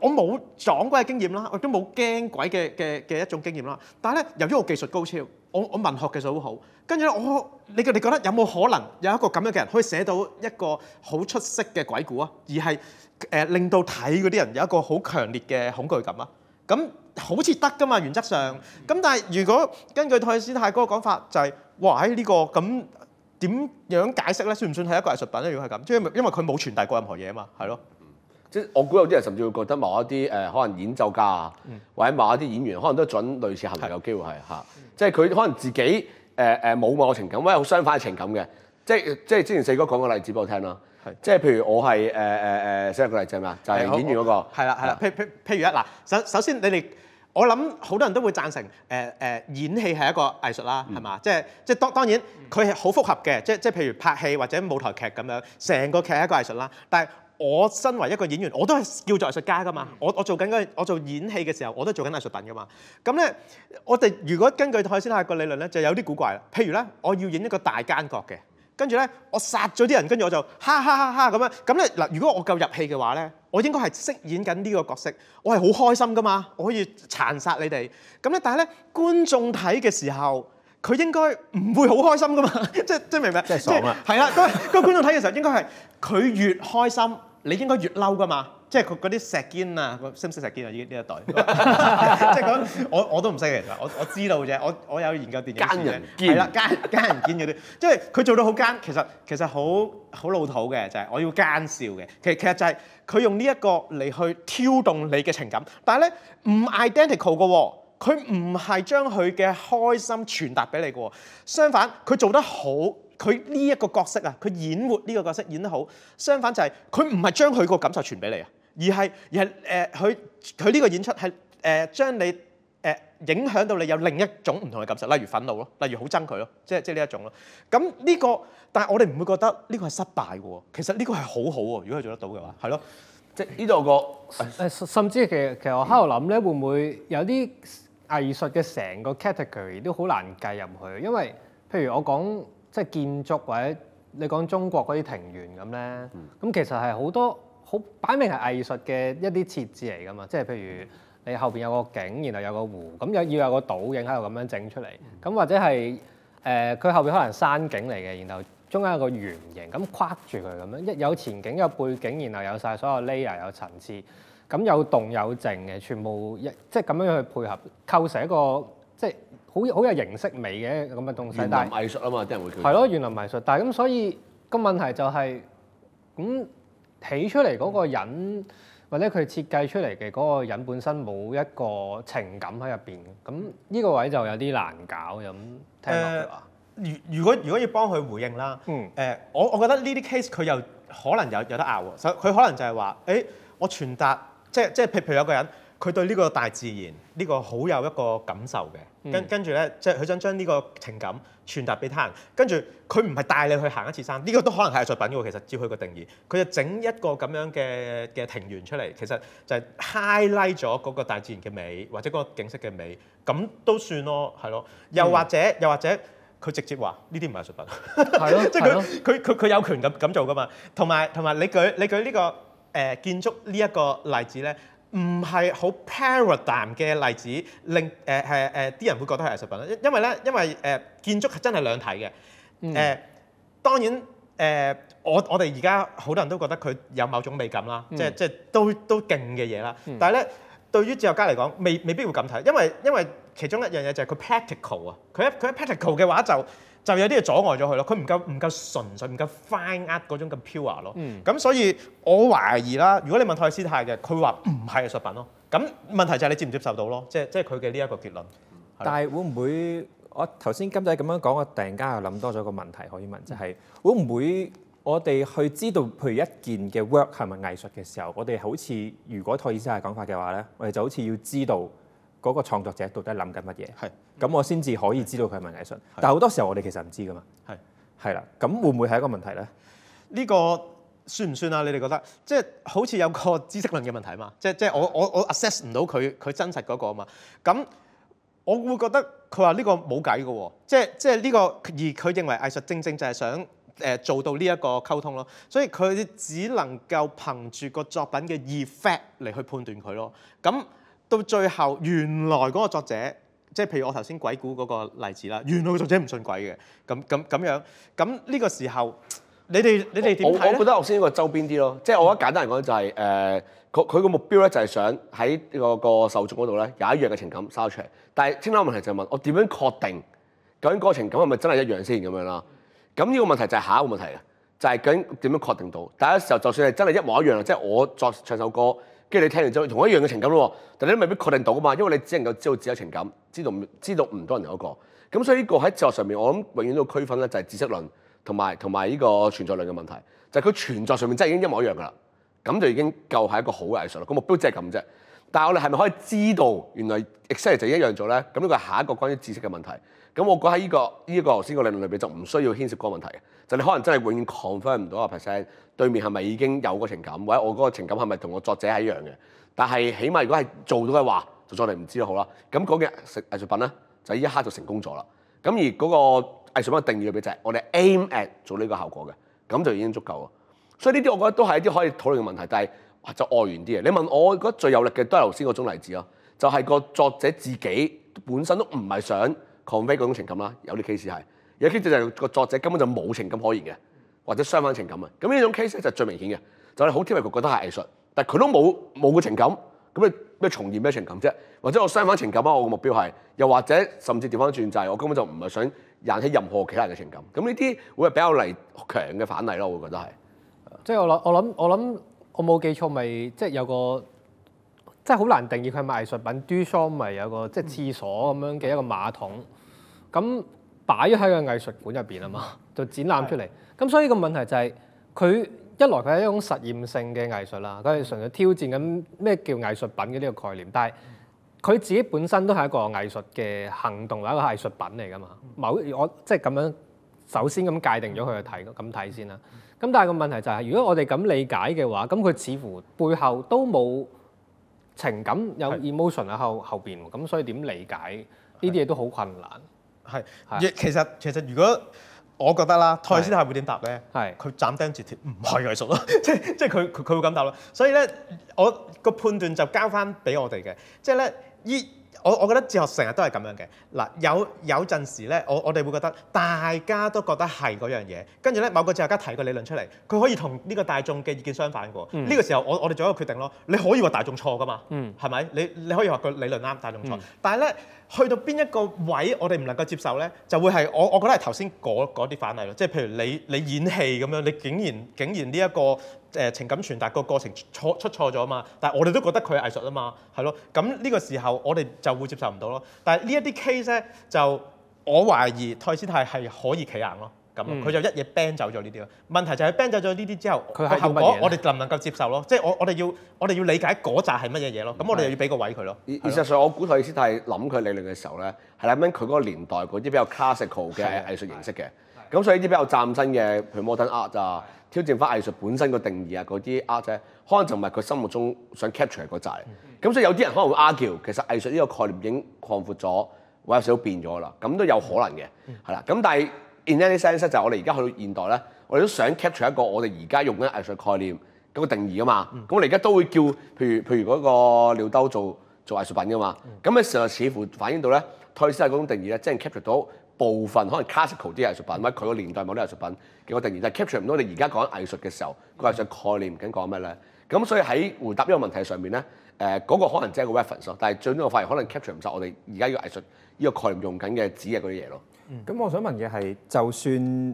我冇撞鬼嘅經驗啦，我都冇驚鬼嘅嘅嘅一種經驗啦。但係咧，由於我技術高超。我我文學其實好好，跟住我你你覺得有冇可能有一個咁樣嘅人可以寫到一個好出色嘅鬼故啊？而係誒令到睇嗰啲人有一個好強烈嘅恐懼感啊？咁好似得㗎嘛，原則上，咁但係如果根據托爾斯泰哥嘅講法，就係哇喺呢個咁點樣解釋咧？算唔算係一個藝術品咧？如果係咁，因為因為佢冇傳遞過任何嘢啊嘛，係咯。即係我估有啲人甚至會覺得某一啲誒可能演奏家啊，或者某一啲演員，可能都準類似係有機會係嚇。即係佢可能自己誒誒冇某個情感，或者好相反嘅情感嘅。即係即係之前四哥講例個例子俾、嗯、我聽啦。即係、啊啊啊啊、譬如我係誒誒誒，寫個例子係咪？就係演員嗰個。係啦係啦。譬譬譬如一嗱，首首先你哋，我諗好多人都會贊成誒誒、呃、演戲係一個藝術啦，係嘛、嗯？即係即係當當然佢係好複合嘅，即即譬如拍戲或者舞台劇咁樣，成個劇係一個藝術啦，但係，我身為一個演員，我都係叫做藝術家㗎嘛。我我做緊嗰，我做演戲嘅時候，我都做緊藝術品㗎嘛。咁咧，我哋如果根據泰西克嘅理論咧，就有啲古怪啦。譬如咧，我要演一個大奸角嘅，跟住咧，我殺咗啲人，跟住我就哈哈哈哈咁樣。咁咧嗱，如果我夠入戲嘅話咧，我應該係飾演緊呢個角色，我係好開心㗎嘛，我可以殘殺你哋。咁咧，但係咧，觀眾睇嘅時候，佢應該唔會好開心㗎嘛。即即明白？即係爽啦。係啦，嗰個觀眾睇嘅時候應該係佢越開心。你應該越嬲噶嘛，即係佢嗰啲石堅啊，識唔識石堅啊？呢呢一代， 即係講我我都唔識嘅，我我知道啫。我我有研究電影奸奸。奸人堅。係啦，奸奸人堅嗰啲，即係佢做到好奸，其實其實好好老土嘅就係、是、我要奸笑嘅，其實其實就係佢用呢一個嚟去挑動你嘅情感，但係咧唔 identical 嘅，佢唔係將佢嘅開心傳達俾你嘅，相反佢做得好。佢呢一個角色啊，佢演活呢個角色演得好。相反就係佢唔係將佢個感受傳俾你啊，而係而係誒佢佢呢個演出係誒、呃、將你誒、呃、影響到你有另一種唔同嘅感受，例如憤怒咯，例如好憎佢咯，即係即係呢一種咯。咁呢、呢個但係我哋唔會覺得呢個係失敗嘅喎，其實呢個係好好喎。如果佢做得到嘅話，係咯，嗯、即係呢度個誒甚至其實其實我喺度諗咧，會唔會有啲藝術嘅成個 category 都好難計入去？因為譬如我講。即係建築或者你講中國嗰啲庭園咁咧，咁其實係好多好擺明係藝術嘅一啲設置嚟噶嘛。即係譬如你後邊有個景，然後有個湖，咁又要有個倒影喺度咁樣整出嚟。咁或者係誒佢後邊可能山景嚟嘅，然後中間有個圓形，咁框住佢咁樣，一有前景有背景，然後有晒所有 layer 有層次，咁有動有靜嘅，全部一即係咁樣去配合構成一個。好好有形式美嘅咁嘅東西，但係藝術啊嘛，啲是人會叫係咯，園林藝術。但係咁，所以個問題就係咁睇出嚟嗰個人，或者佢設計出嚟嘅嗰個人本身冇一個情感喺入邊。咁呢個位就有啲難搞，咁聽落去話。如、呃、如果如果要幫佢回應啦，誒、嗯呃，我我覺得呢啲 case 佢又可能有有得拗喎。所以佢可能就係話：誒、欸，我傳達即係即係譬如有個人，佢對呢個大自然呢、呢個好有一個感受嘅。跟跟住咧，即係佢想將呢個情感傳達俾他人。跟住佢唔係帶你去行一次山，呢、這個都可能係藝術品嘅喎。其實照佢個定義，佢就整一個咁樣嘅嘅庭園出嚟，其實就係 highlight 咗嗰個大自然嘅美或者嗰個景色嘅美，咁都算咯，係咯。又或者、嗯、又或者，佢直接話呢啲唔係藝術品，係咯的， 即係佢佢佢佢有權咁咁做噶嘛。同埋同埋，你舉你舉呢、這個誒、呃、建築呢一個例子咧。唔係好 paradigm 嘅例子，令誒誒誒啲人會覺得係藝術品啦。因為咧，因為誒、呃、建築係真係兩睇嘅。誒、嗯呃、當然誒、呃、我我哋而家好多人都覺得佢有某種美感啦、嗯，即係即係都都勁嘅嘢啦。嗯、但係咧，對於哲學家嚟講，未未必會咁睇，因為因為其中一樣嘢就係佢 practical 啊。佢一佢一 practical 嘅話就。就有啲嘢阻礙咗佢咯，佢唔夠唔夠純粹，唔夠 fine art 嗰種咁 pure 咯、嗯。咁所以我懷疑啦，如果你問托爾斯泰嘅，佢話唔係藝術品咯。咁問題就係你接唔接受到咯，即係即係佢嘅呢一個結論。但係會唔會我頭先金仔咁樣講，我突然間又諗多咗個問題可以問，就係、是、會唔會我哋去知道譬如一件嘅 work 係咪藝術嘅時候，我哋好似如果托爾斯泰講法嘅話咧，我哋就好似要知道。嗰個創作者到底諗緊乜嘢？係咁的，我先至可以知道佢係咪藝術。的但係好多時候，我哋其實唔知噶嘛。係係啦，咁會唔會係一個問題咧？呢個算唔算啊？你哋覺得即係好似有個知識論嘅問題啊嘛。即係即係我我我 assess 唔到佢佢真實嗰個啊嘛。咁我會覺得佢話呢個冇計嘅喎。即係即係、這、呢個而佢認為藝術正正就係想誒、呃、做到呢一個溝通咯。所以佢只能夠憑住個作品嘅 effect 嚟去判斷佢咯。咁到最後，原來嗰個作者，即係譬如我頭先鬼故嗰個例子啦，原來個作者唔信鬼嘅，咁咁咁樣，咁呢個時候，你哋你哋點睇咧？我覺得我先呢個周邊啲咯，即係我覺得簡單嚟講就係誒，佢佢個目標咧就係想喺個個受眾嗰度咧有一樣嘅情感收出嚟。但係，清單問題就係問我點樣確定究竟嗰個情感係咪真係一樣先咁樣啦？咁呢個問題就係下一個問題嘅，就係究竟點樣確定到？第一時候就算係真係一模一樣，即係我作唱首歌。.跟住你聽完之後，同一樣嘅情感咯，但你都未必確定到啊嘛，因為你只能夠知道自己嘅情感，知道知道唔多人有嗰個。咁所以呢個喺哲學上面，我諗永遠都區分咧，就係知識論同埋同埋呢個存在論嘅問題。就係、是、佢存在上面真係已經一模一樣噶啦，咁就已經夠係一個好嘅藝術啦。個目標即係咁啫。但係我哋係咪可以知道原來 exactly、er、就一樣做咧？咁呢個係下一個關於知識嘅問題。咁我講喺呢個呢、這個頭先嘅理論裏面就唔需要牽涉嗰個問題。就你可能真係永遠 confirm 唔到個 percent，對面係咪已經有個情感，或者我嗰個情感係咪同個作者係一樣嘅？但係起碼如果係做到嘅話，就再嚟唔知咯，好啦。咁嗰件食藝術品咧，就一刻就成功咗啦。咁而嗰個藝術品嘅定義入面就係，我哋 aim at 做呢個效果嘅，咁就已經足夠啦。所以呢啲我覺得都係一啲可以討論嘅問題，但係就外緣啲嘅。你問我，我覺得最有力嘅都係頭先嗰種例子咯，就係個作者自己本身都唔係想 convey 嗰種情感啦，有啲 case 係。有 case 就係、是、個作者根本就冇情感可言嘅，或者相反情感啊。咁呢種 case 咧就最明顯嘅，就係好聰明局覺得係藝術，但佢都冇冇個情感，咁你咩重現咩情感啫？或者我相反情感啊？我個目標係，又或者甚至調翻轉就我根本就唔係想引起任何其他人嘅情感。咁呢啲會係比較嚟強嘅反例咯，我覺得係。即係我諗，我諗，我諗，我冇記錯咪，即、就、係、是、有個即係好難定義佢係藝術品。Duchamp 咪、嗯、有個即係、就是、廁所咁樣嘅一個馬桶咁。擺咗喺個藝術館入邊啊嘛，就 展覽出嚟。咁是的 所以個問題就係、是，佢一來佢係一種實驗性嘅藝術啦，佢係純粹挑戰緊咩叫藝術品嘅呢個概念。但係佢自己本身都係一個藝術嘅行動，或一個藝術品嚟噶嘛。某是的 我即係咁樣，首先咁界定咗佢去睇咁睇先啦。咁但係個問題就係、是，如果我哋咁理解嘅話，咁佢似乎背後都冇情感有 emotion 喺後後邊。咁是的 所以點理解呢啲嘢都好困難。係，是其實其實如果我覺得啦，蔡先生會點答咧？係是，佢斬釘截鐵唔係藝術咯，即即係佢佢佢會咁答咯。所以咧，我個判斷就交翻俾我哋嘅。即係咧，依我我覺得哲學成日都係咁樣嘅。嗱，有有陣時咧，我我哋會覺得大家都覺得係嗰樣嘢，跟住咧，某個哲學家提個理論出嚟，佢可以同呢個大眾嘅意見相反嘅喎。呢、嗯、個時候我我哋做一個決定咯，你可以話大眾錯㗎嘛？嗯，係咪？你你可以話個理論啱，大眾錯，嗯、但係咧。去到邊一個位，我哋唔能夠接受呢，就會係我我覺得係頭先嗰啲反例咯，即係譬如你你演戲咁樣，你竟然竟然呢、這、一個誒、呃、情感傳達個過程錯出錯咗嘛，但係我哋都覺得佢係藝術啊嘛，係咯，咁呢個時候我哋就會接受唔到咯。但係呢一啲 case 呢，就我懷疑托爾斯泰係可以企硬咯。咁佢、嗯、就一嘢 ban 走咗呢啲咯。問題就係 ban 走咗呢啲之後，佢係有乜後果，我哋能唔能夠接受咯？即係我我哋要我哋要理解嗰扎係乜嘢嘢咯？咁的我哋又要俾個位佢咯。而事實上，我估佢意思就係諗佢理論嘅時候咧，係諗佢嗰個年代嗰啲比較 classical 嘅藝術形式嘅。咁所以啲比較嶄新嘅 modern art 啊的，挑戰翻藝術本身個定義啊，嗰啲 art 咧，可能就唔係佢心目中想 capture 嗰扎。咁、嗯、所以有啲人可能會 argue，其實藝術呢個概念已經擴闊咗，或者都變咗啦。咁都有可能嘅，係啦、嗯。咁但係。定義藝術室就係我哋而家去到現代咧，我哋都想 capture 一個我哋而家用緊藝術概念、個定義噶嘛。咁我哋而家都會叫，譬如譬如嗰個尿兜做做藝術品噶嘛。咁嘅時候，似乎反映到咧，退式嗰種定義咧，即係 capture 到部分可能 classical 啲藝術品，或者佢個年代某啲藝術品嘅個定義，但係 capture 唔到你而家講藝術嘅時候，個藝術概念唔緊講乜咧。咁所以喺回答呢個問題上面咧，誒、呃、個可能只係個 reference 咯，但係最終我發現可能 capture 唔晒我哋而家要個藝術依、呢個概念用緊嘅指嘅嗰啲嘢咯。咁、嗯、我想問嘅係，就算誒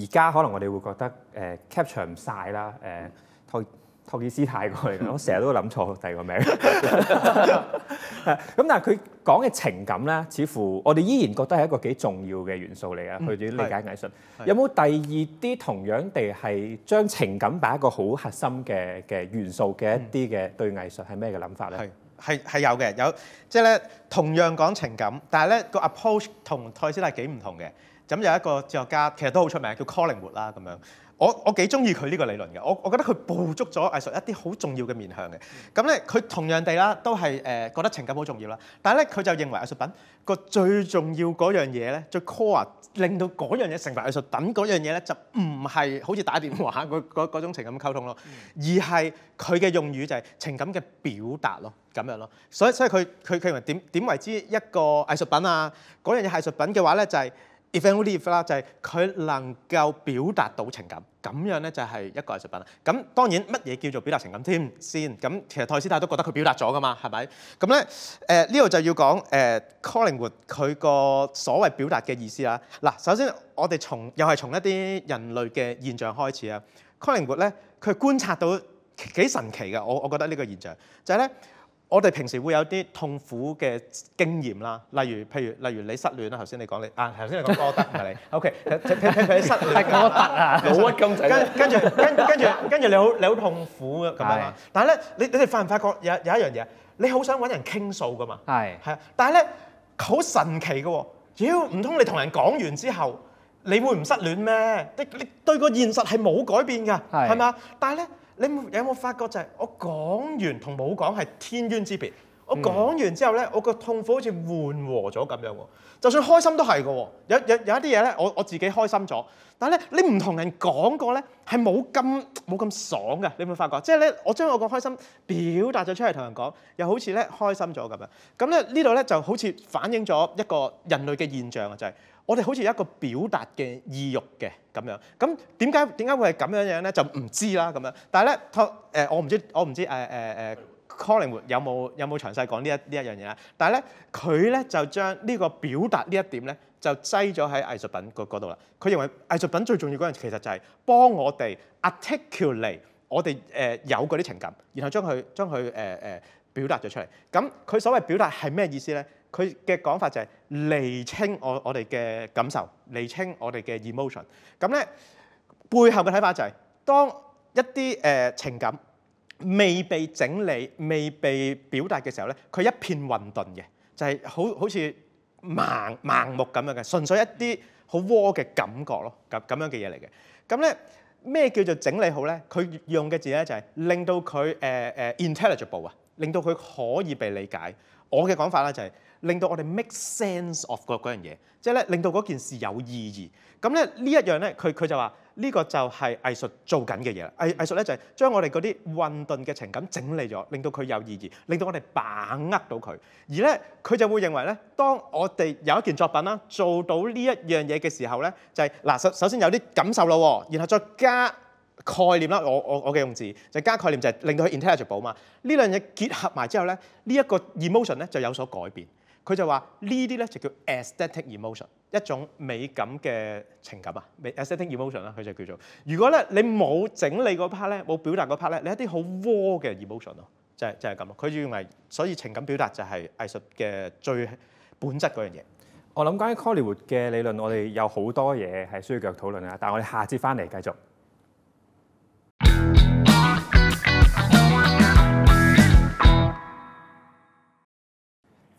而家可能我哋會覺得誒 capture 唔晒啦，誒、呃。托爾斯泰過嚟，嘅，我成日都諗錯第二個名。咁 但係佢講嘅情感咧，似乎我哋依然覺得係一個幾重要嘅元素嚟嘅，嗯、去啲理解藝術。是有冇第二啲同樣地係將情感擺一個好核心嘅嘅元素嘅一啲嘅對藝術係咩嘅諗法咧？係係有嘅，有即係咧同樣講情感，但係咧個 approach 同托斯泰幾唔同嘅。咁有一個哲學家其實都好出名，叫 Collingwood 啦咁樣。我我幾中意佢呢個理論嘅，我我覺得佢捕捉咗藝術一啲好重要嘅面向嘅。咁咧，佢同樣地啦，都係誒覺得情感好重要啦。但係咧，佢就認為藝術品個最重要嗰樣嘢咧，最 core 令到嗰樣嘢成為藝術品嗰樣嘢咧，就唔係好似打電話嗰種情感溝通咯，而係佢嘅用語就係情感嘅表達咯，咁樣咯。所以所以佢佢佢認為點點為之一個藝術品啊？嗰樣嘢係藝術品嘅話咧，就係，就係。eventful 啦，if if, 就係佢能夠表達到情感，咁樣咧就係一個藝術品啦。咁當然乜嘢叫做表達情感添先？咁其實泰斯泰都覺得佢表達咗噶嘛，係咪？咁咧誒呢度就要講誒、呃、Collingwood 佢個所謂表達嘅意思啦。嗱，首先我哋從又係從一啲人類嘅現象開始啊。Collingwood 咧，佢觀察到幾，幾神奇嘅，我我覺得呢個現象就係、是、咧。我哋平時會有啲痛苦嘅經驗啦，例如譬如例如你失戀啦，頭先你講你啊，頭先你講多得唔係你 ，OK？你失戀，多得啊，好屈金跟跟住跟跟住跟住你好你好痛苦嘅咁是是 樣，但係咧，你你哋發唔發覺有有一樣嘢，你好想揾人傾訴㗎嘛？係係啊，但係咧好神奇嘅喎，妖唔通你同人講完之後，你會唔失戀咩？你你對個現實係冇改變㗎，係咪是的？但係咧。你有冇發覺就係我講完同冇講係天淵之別？嗯、我講完之後咧，我個痛苦好似緩和咗咁樣喎。就算開心都係嘅喎。有有有一啲嘢咧，我我自己開心咗，但係咧你唔同人講過咧，係冇咁冇咁爽嘅。你有冇發覺？即係咧，我將我個開心表達咗出嚟同人講，又好似咧開心咗咁樣。咁咧呢度咧就好似反映咗一個人類嘅現象啊，就係、是。我哋好似一個表達嘅意欲嘅咁樣，咁點解點解會係咁樣樣咧？就唔知啦咁樣。但係咧，誒我唔知我唔知誒誒誒 Collingwood 有冇有冇詳細講呢一呢一樣嘢咧？但係咧，佢咧就將呢個表達呢一點咧，就擠咗喺藝術品嗰度啦。佢認為藝術品最重要嗰樣其實就係幫我哋 articulate 我哋誒有嗰啲情感，然後將佢將佢誒誒表達咗出嚟。咁佢所謂表達係咩意思咧？佢嘅講法就係釐清我我哋嘅感受，釐清我哋嘅 emotion。咁咧背後嘅睇法就係，當一啲誒情感未被整理、未被表達嘅時候咧，佢一片混沌嘅，就係好好似盲盲目咁樣嘅，純粹一啲好窩嘅感覺咯，咁咁樣嘅嘢嚟嘅。咁咧咩叫做整理好咧？佢用嘅字咧就係令到佢誒誒 intelligible 啊，令到佢可以被理解。我嘅講法咧就係。令到我哋 make sense of，嗰嗰樣嘢，即係咧令到嗰件事有意義。咁咧呢一樣咧，佢佢就話呢個就係藝術做緊嘅嘢啦。藝藝術咧就係將我哋嗰啲混沌嘅情感整理咗，令到佢有意義，令到我哋把握到佢。而咧佢就會認為咧，當我哋有一件作品啦，做到呢一樣嘢嘅時候咧，就係嗱，首首先有啲感受咯，然後再加概念啦。我我我嘅用字就加概念，就係令到佢 intelligible 嘛。呢兩嘢結合埋之後咧，呢一個 emotion 咧就有所改變。佢就話呢啲咧就叫 aesthetic emotion，一種美感嘅情感啊，美 aesthetic emotion 啦，佢就叫做。如果咧你冇整理嗰 part 咧，冇表達嗰 part 咧，你一啲好 raw 嘅 emotion 咯、就係，就係、就係咁佢要認為，所以情感表達就係藝術嘅最本質嗰樣嘢。我諗關於 Collingwood 嘅理論，我哋有好多嘢係需要繼續討論啊。但係我哋下節翻嚟繼續。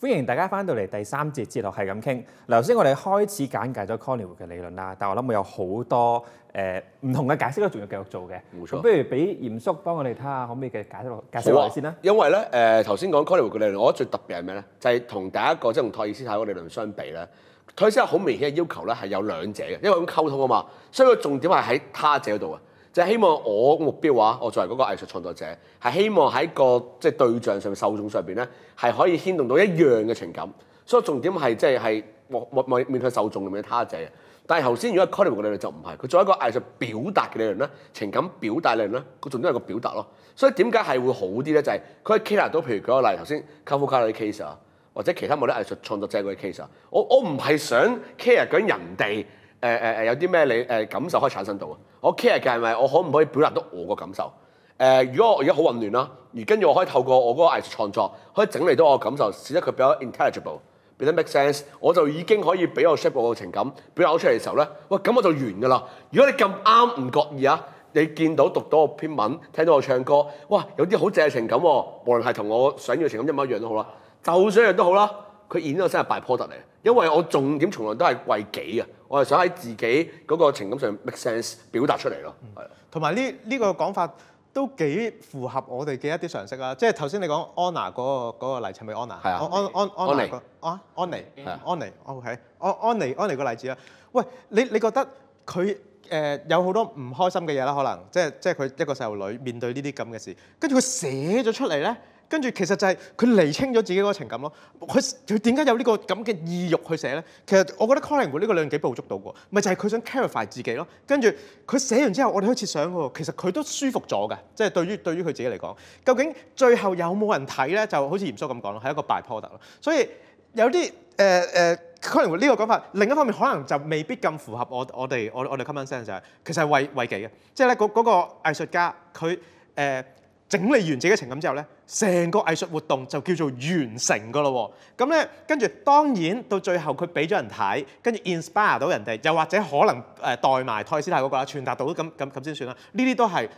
歡迎大家翻到嚟第三節，節落係咁傾。頭先我哋開始簡介咗 Collingwood 嘅理論啦，但係我諗會有好多誒唔、呃、同嘅解釋都仲要繼續做嘅。冇錯錯，不如俾嚴叔幫我哋睇下可唔可以嘅解釋好解釋嚟先啦。因為咧誒頭先講 Collingwood 嘅理論，我覺得最特別係咩咧？就係、是、同第一個即係托爾斯泰嗰個理論相比咧，托爾斯泰好明顯嘅要求咧係有兩者嘅，因為咁溝通啊嘛，所以個重點係喺他者度啊。就希望我目標話，我作為嗰個藝術創作者，係希望喺個即係、就是、對象上、受眾上邊咧，係可以牽動到一樣嘅情感。所以重點係即係係面向受眾咁樣他者。但係頭先如果 cover 嘅理論就唔係，佢作為一個藝術表達嘅理論咧，情感表達理論咧，佢重點係個表達咯。所以點解係會好啲咧？就係佢 care 到，譬如舉個例頭先，卡夫卡嗰啲 case 啊，或者其他某啲藝術創作者嗰啲 case 啊，我我唔係想 care 緊人哋。誒誒誒，有啲咩你誒、呃、感受可以產生到啊？我 care 嘅係咪我可唔可以表達到我個感受？誒、呃，如果我而家好混亂啦，而跟住我可以透過我嗰個藝術創作，可以整理到我嘅感受，使得佢比較 intelligible，變得 make sense，我就已經可以畀我 shape 我個情感，表露出嚟嘅時候咧，哇，咁我就完噶啦！如果你咁啱唔覺意啊，你見到讀到我篇文，聽到我唱歌，哇，有啲好正嘅情感喎，無論係同我想要嘅情感一模一樣都好啦，就算一樣都好啦，佢演到真係 by product 嚟，因為我重點從來都係為己啊！我係想喺自己嗰個情感上 make sense 表達出嚟咯，係、嗯、同埋呢呢個講法都幾符合我哋嘅一啲常識啊！即係頭先你講安娜嗰個嗰、嗰個例子，咪安娜係啊，安安安妮個啊安妮安妮 OK 安安妮安妮個例子啊，喂，你你覺得佢誒、呃、有好多唔開心嘅嘢啦，可能即係即係佢一個細路女面對呢啲咁嘅事，跟住佢寫咗出嚟咧。跟住其實就係佢釐清咗自己嗰個情感咯。佢佢點解有呢、這個咁嘅意欲去寫咧？其實我覺得 c l 柯林活呢個兩幾捕捉到嘅喎，咪就係、是、佢想 clarify 自己咯。跟住佢寫完之後，我哋開始想喎，其實佢都舒服咗㗎，即、就、係、是、對於對於佢自己嚟講，究竟最後有冇人睇咧？就好似嚴叔咁講咯，係一個 byproduct 咯。所以有啲、呃呃、c 誒誒柯林活呢個講法，另一方面可能就未必咁符合我我哋我我哋 common sense 就係、是、其實係為為己嘅，即係咧嗰嗰個藝術家佢誒、呃、整理完自己嘅情感之後咧。成個藝術活動就叫做完成噶咯喎，咁咧跟住當然到最後佢俾咗人睇，跟住 inspire 到人哋，又或者可能誒、呃、代埋托爾斯泰嗰、那個啦，傳達到咁咁咁先算啦。呢啲都係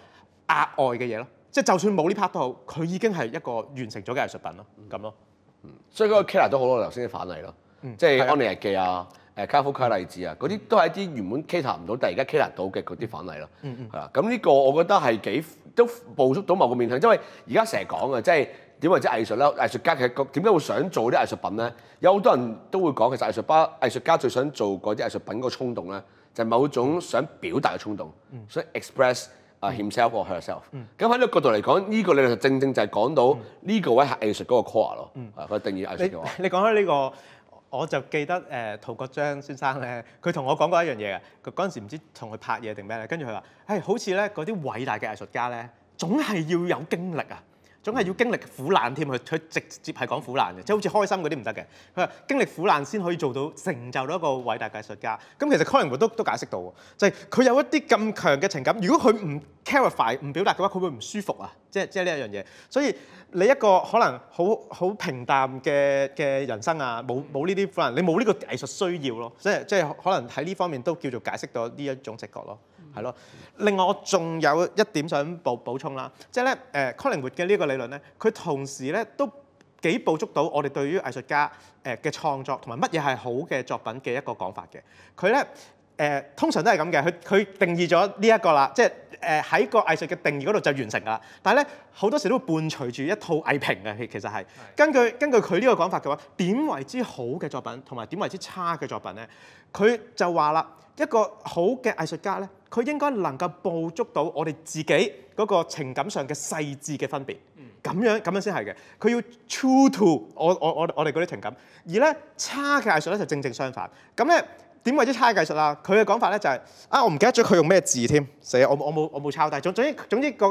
額外嘅嘢咯，即、就、係、是、就算冇呢 part 都好，佢已經係一個完成咗嘅藝術品、嗯、咯，咁咯、嗯。嗯、所以嗰個 c a r 都好多頭先嘅反例咯，嗯、即係安妮日記啊。的誒卡夫卡例子啊，嗰啲都係一啲原本 cater 唔到，但係而家 cater 到嘅嗰啲反例咯。係啦、嗯嗯，咁呢個我覺得係幾都捕捉到某個面向，因為而家成日講啊，即係點或者藝術咧，藝術家其實點解會想做啲藝術品咧？有好多人都會講，其實藝術家藝術家最想做嗰啲藝術品個衝動咧，就係、是、某種想表達嘅衝動，所以、嗯、express 啊 himself or herself。咁喺呢個角度嚟講，呢、這個理就正正就係講到呢個位係藝術嗰個 core 咯，佢定義藝術嘅。你講開呢、這個。我就記得誒、呃，陶國璋先生咧，佢同我講過一樣嘢嘅。佢嗰陣時唔知同佢拍嘢定咩咧，跟住佢話，誒、哎、好似咧嗰啲偉大嘅藝術家咧，總係要有經歷啊，總係要經歷苦難添。佢佢直接係講苦難嘅，即係好似開心嗰啲唔得嘅。佢話經歷苦難先可以做到成就到一個偉大藝術家。咁其實柯林活都都解釋到喎，就係、是、佢有一啲咁強嘅情感，如果佢唔 Clarify 唔表達嘅話，佢會唔舒服啊！即係即係呢一樣嘢，所以你一個可能好好平淡嘅嘅人生啊，冇冇呢啲可能，你冇呢個藝術需要咯。即係即係可能喺呢方面都叫做解釋到呢一種直覺咯，係、嗯、咯。另外我仲有一點想補補充啦，即係咧誒柯林活嘅呢個理論咧，佢同時咧都幾捕捉到我哋對於藝術家誒嘅創作同埋乜嘢係好嘅作品嘅一個講法嘅，佢咧。誒、呃、通常都係咁嘅，佢佢定義咗呢一個啦，即係誒喺個藝術嘅定義嗰度就完成啦。但係咧好多時都會伴隨住一套藝評嘅，其實係根據根據佢呢個講法嘅話，點為之好嘅作品同埋點為之差嘅作品咧？佢就話啦，一個好嘅藝術家咧，佢應該能夠捕捉到我哋自己嗰個情感上嘅細緻嘅分別，咁、嗯、樣咁樣先係嘅。佢要 true to 我我我我哋嗰啲情感，而咧差嘅藝術咧就正正正相反。咁咧。點為之差異藝術啊？佢嘅講法咧就係、是、啊，我唔、就是就是哎、記得咗佢用咩字添，死啊！我我冇我冇抄低。總總之總之個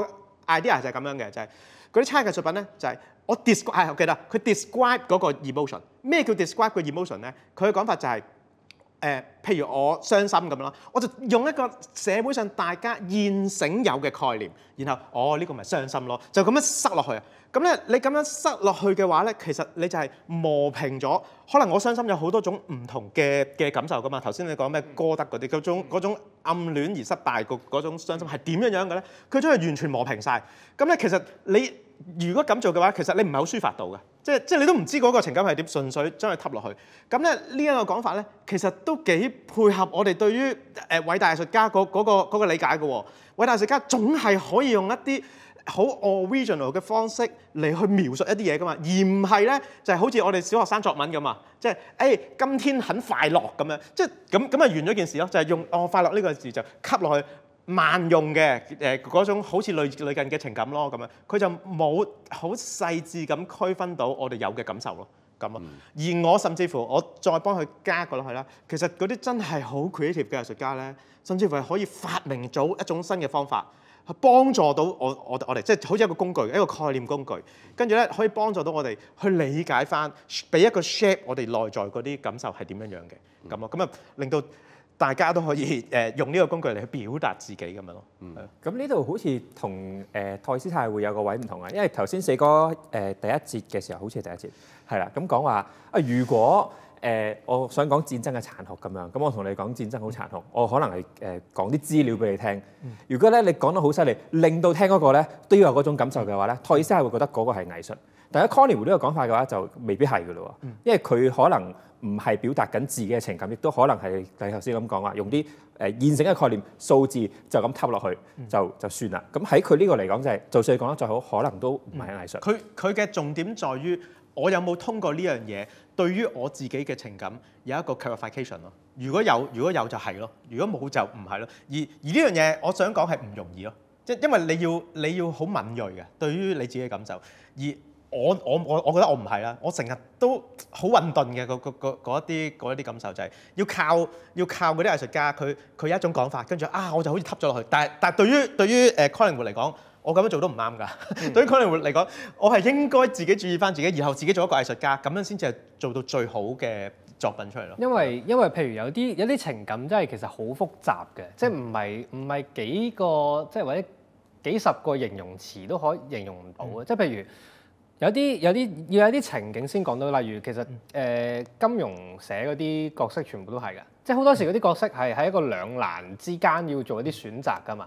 idea 就係咁樣嘅，就係嗰啲差異藝術品咧就係我 describe，記得佢 describe 嗰個 emotion。咩叫 describe 個 emotion 咧？佢嘅講法就係、是。誒、呃，譬如我傷心咁樣啦，我就用一個社會上大家現成有嘅概念，然後哦呢、這個咪傷心咯，就咁樣塞落去啊。咁、嗯、咧，你咁樣塞落去嘅話咧，其實你就係磨平咗。可能我傷心有好多種唔同嘅嘅感受噶嘛。頭先你講咩歌德嗰啲嗰種暗戀而失敗嗰嗰種傷心係點樣樣嘅咧？佢將佢完全磨平晒。咁、嗯、咧，其實你如果咁做嘅話，其實你唔係好抒發到嘅。即係即係你都唔知嗰個情感係點，純粹將佢吸落去。咁咧呢一個講法咧，其實都幾配合我哋對於誒偉大藝術家嗰嗰個嗰個理解嘅喎。偉大藝術家總係可以用一啲好 original 嘅方式嚟去描述一啲嘢㗎嘛，而唔係咧就係好似我哋小學生作文咁啊，即係誒今天很快樂咁樣，即係咁咁啊完咗件事咯，就係用哦快樂呢個字就吸落去。萬用嘅誒嗰種好似類類近嘅情感咯，咁樣佢就冇好細緻咁區分到我哋有嘅感受咯，咁啊。而我甚至乎我再幫佢加過落去啦。其實嗰啲真係好 creative 嘅藝術家咧，甚至乎係可以發明到一種新嘅方法，係幫助到我我我哋，即係好似一個工具，一個概念工具，跟住咧可以幫助到我哋去理解翻，俾一個 shape 我哋內在嗰啲感受係點樣樣嘅，咁啊咁啊令到。大家都可以誒、呃、用呢個工具嚟去表達自己咁樣咯。嗯，咁呢度好似同誒托爾斯泰會有個位唔同啊。因為頭先四哥誒、呃、第一節嘅時候，好似第一節係啦，咁講話啊，如果誒、呃、我想講戰爭嘅殘酷咁樣，咁我同你講戰爭好殘酷，我可能係誒、呃、講啲資料俾你聽。如果咧你講得好犀利，令到聽嗰個咧都要有嗰種感受嘅話咧，托爾斯泰會覺得嗰個係藝術。但係 n Collingwood 呢個講法嘅話就未必係嘅咯， 1, 因為佢可能。 1, 唔係表達緊自己嘅情感，亦都可能係你頭先咁講啦，用啲誒現成嘅概念、數字就咁摳落去就就算啦。咁喺佢呢個嚟講就係，就算你講得再好，可能都唔係藝術。佢佢嘅重點在於，我有冇通過呢樣嘢，對於我自己嘅情感有一個 clarification 咯。如果有，如果有就係咯；如果冇就唔係咯。而而呢樣嘢，我想講係唔容易咯。即係因為你要你要好敏鋭嘅，對於你自己嘅感受而。我我我我覺得我唔係啦，我成日都好混沌嘅，嗰一啲一啲感受就係要靠要靠嗰啲藝術家，佢佢有一種講法，跟住啊，我就好似吸咗落去。但係但係對於對於誒 Collingwood 嚟講，我咁樣做都唔啱㗎。 對於 Collingwood 嚟講，我係應該自己注意翻自己，以後自己做一個藝術家，咁樣先至係做到最好嘅作品出嚟咯。因為因為譬如有啲有啲情感真係其實好複雜嘅、嗯，即係唔係唔係幾個即係或者幾十個形容詞都可以形容唔到嘅，嗯、即係譬如。有啲有啲要有啲情景先講到，例如其實誒、呃、金庸寫嗰啲角色全部都係㗎，即係好多時嗰啲角色係喺一個兩難之間要做一啲選擇噶嘛，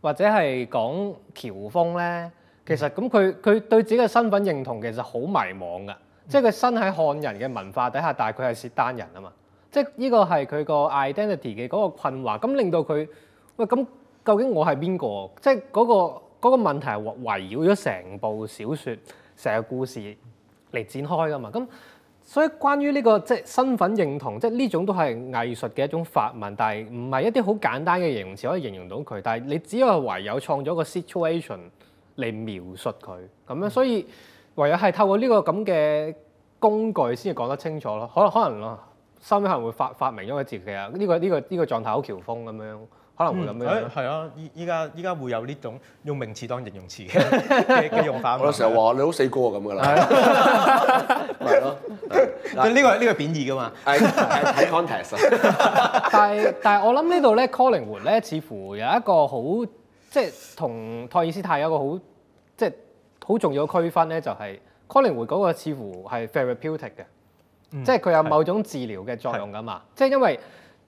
或者係講喬峰咧，其實咁佢佢對自己嘅身份認同其實好迷茫噶，嗯、即係佢身喺漢人嘅文化底下，但係佢係契丹人啊嘛，即係呢個係佢個 identity 嘅嗰個困惑，咁令到佢喂，咁究竟我係邊個？即係嗰個嗰個問題係圍繞咗成部小說。成個故事嚟展開㗎嘛，咁所以關於呢個即係身份認同，即係呢種都係藝術嘅一種發問，但係唔係一啲好簡單嘅形容詞可以形容到佢。但係你只有唯有創造一個 situation 嚟描述佢咁樣，所以唯有係透過呢個咁嘅工具先至講得清楚咯。可能可能咯，心尾可能會發發明咗個字嘅，呢個呢個呢個狀態好喬峰咁樣。可能會咁樣、嗯，係啊！依依家依家會有呢種用名詞當形容詞嘅用法。 我有時候話你好四哥啊咁噶啦。係咯，即係呢個呢個貶義噶嘛。睇睇 context。但係但係我諗呢度咧 Collingwood 咧似乎有一個好，即係同托爾斯泰有一個好，即係好重要區分咧，就係 Collingwood 嗰個似乎係 therapeutic 嘅，即係佢有某種治療嘅作用噶嘛，即係因為。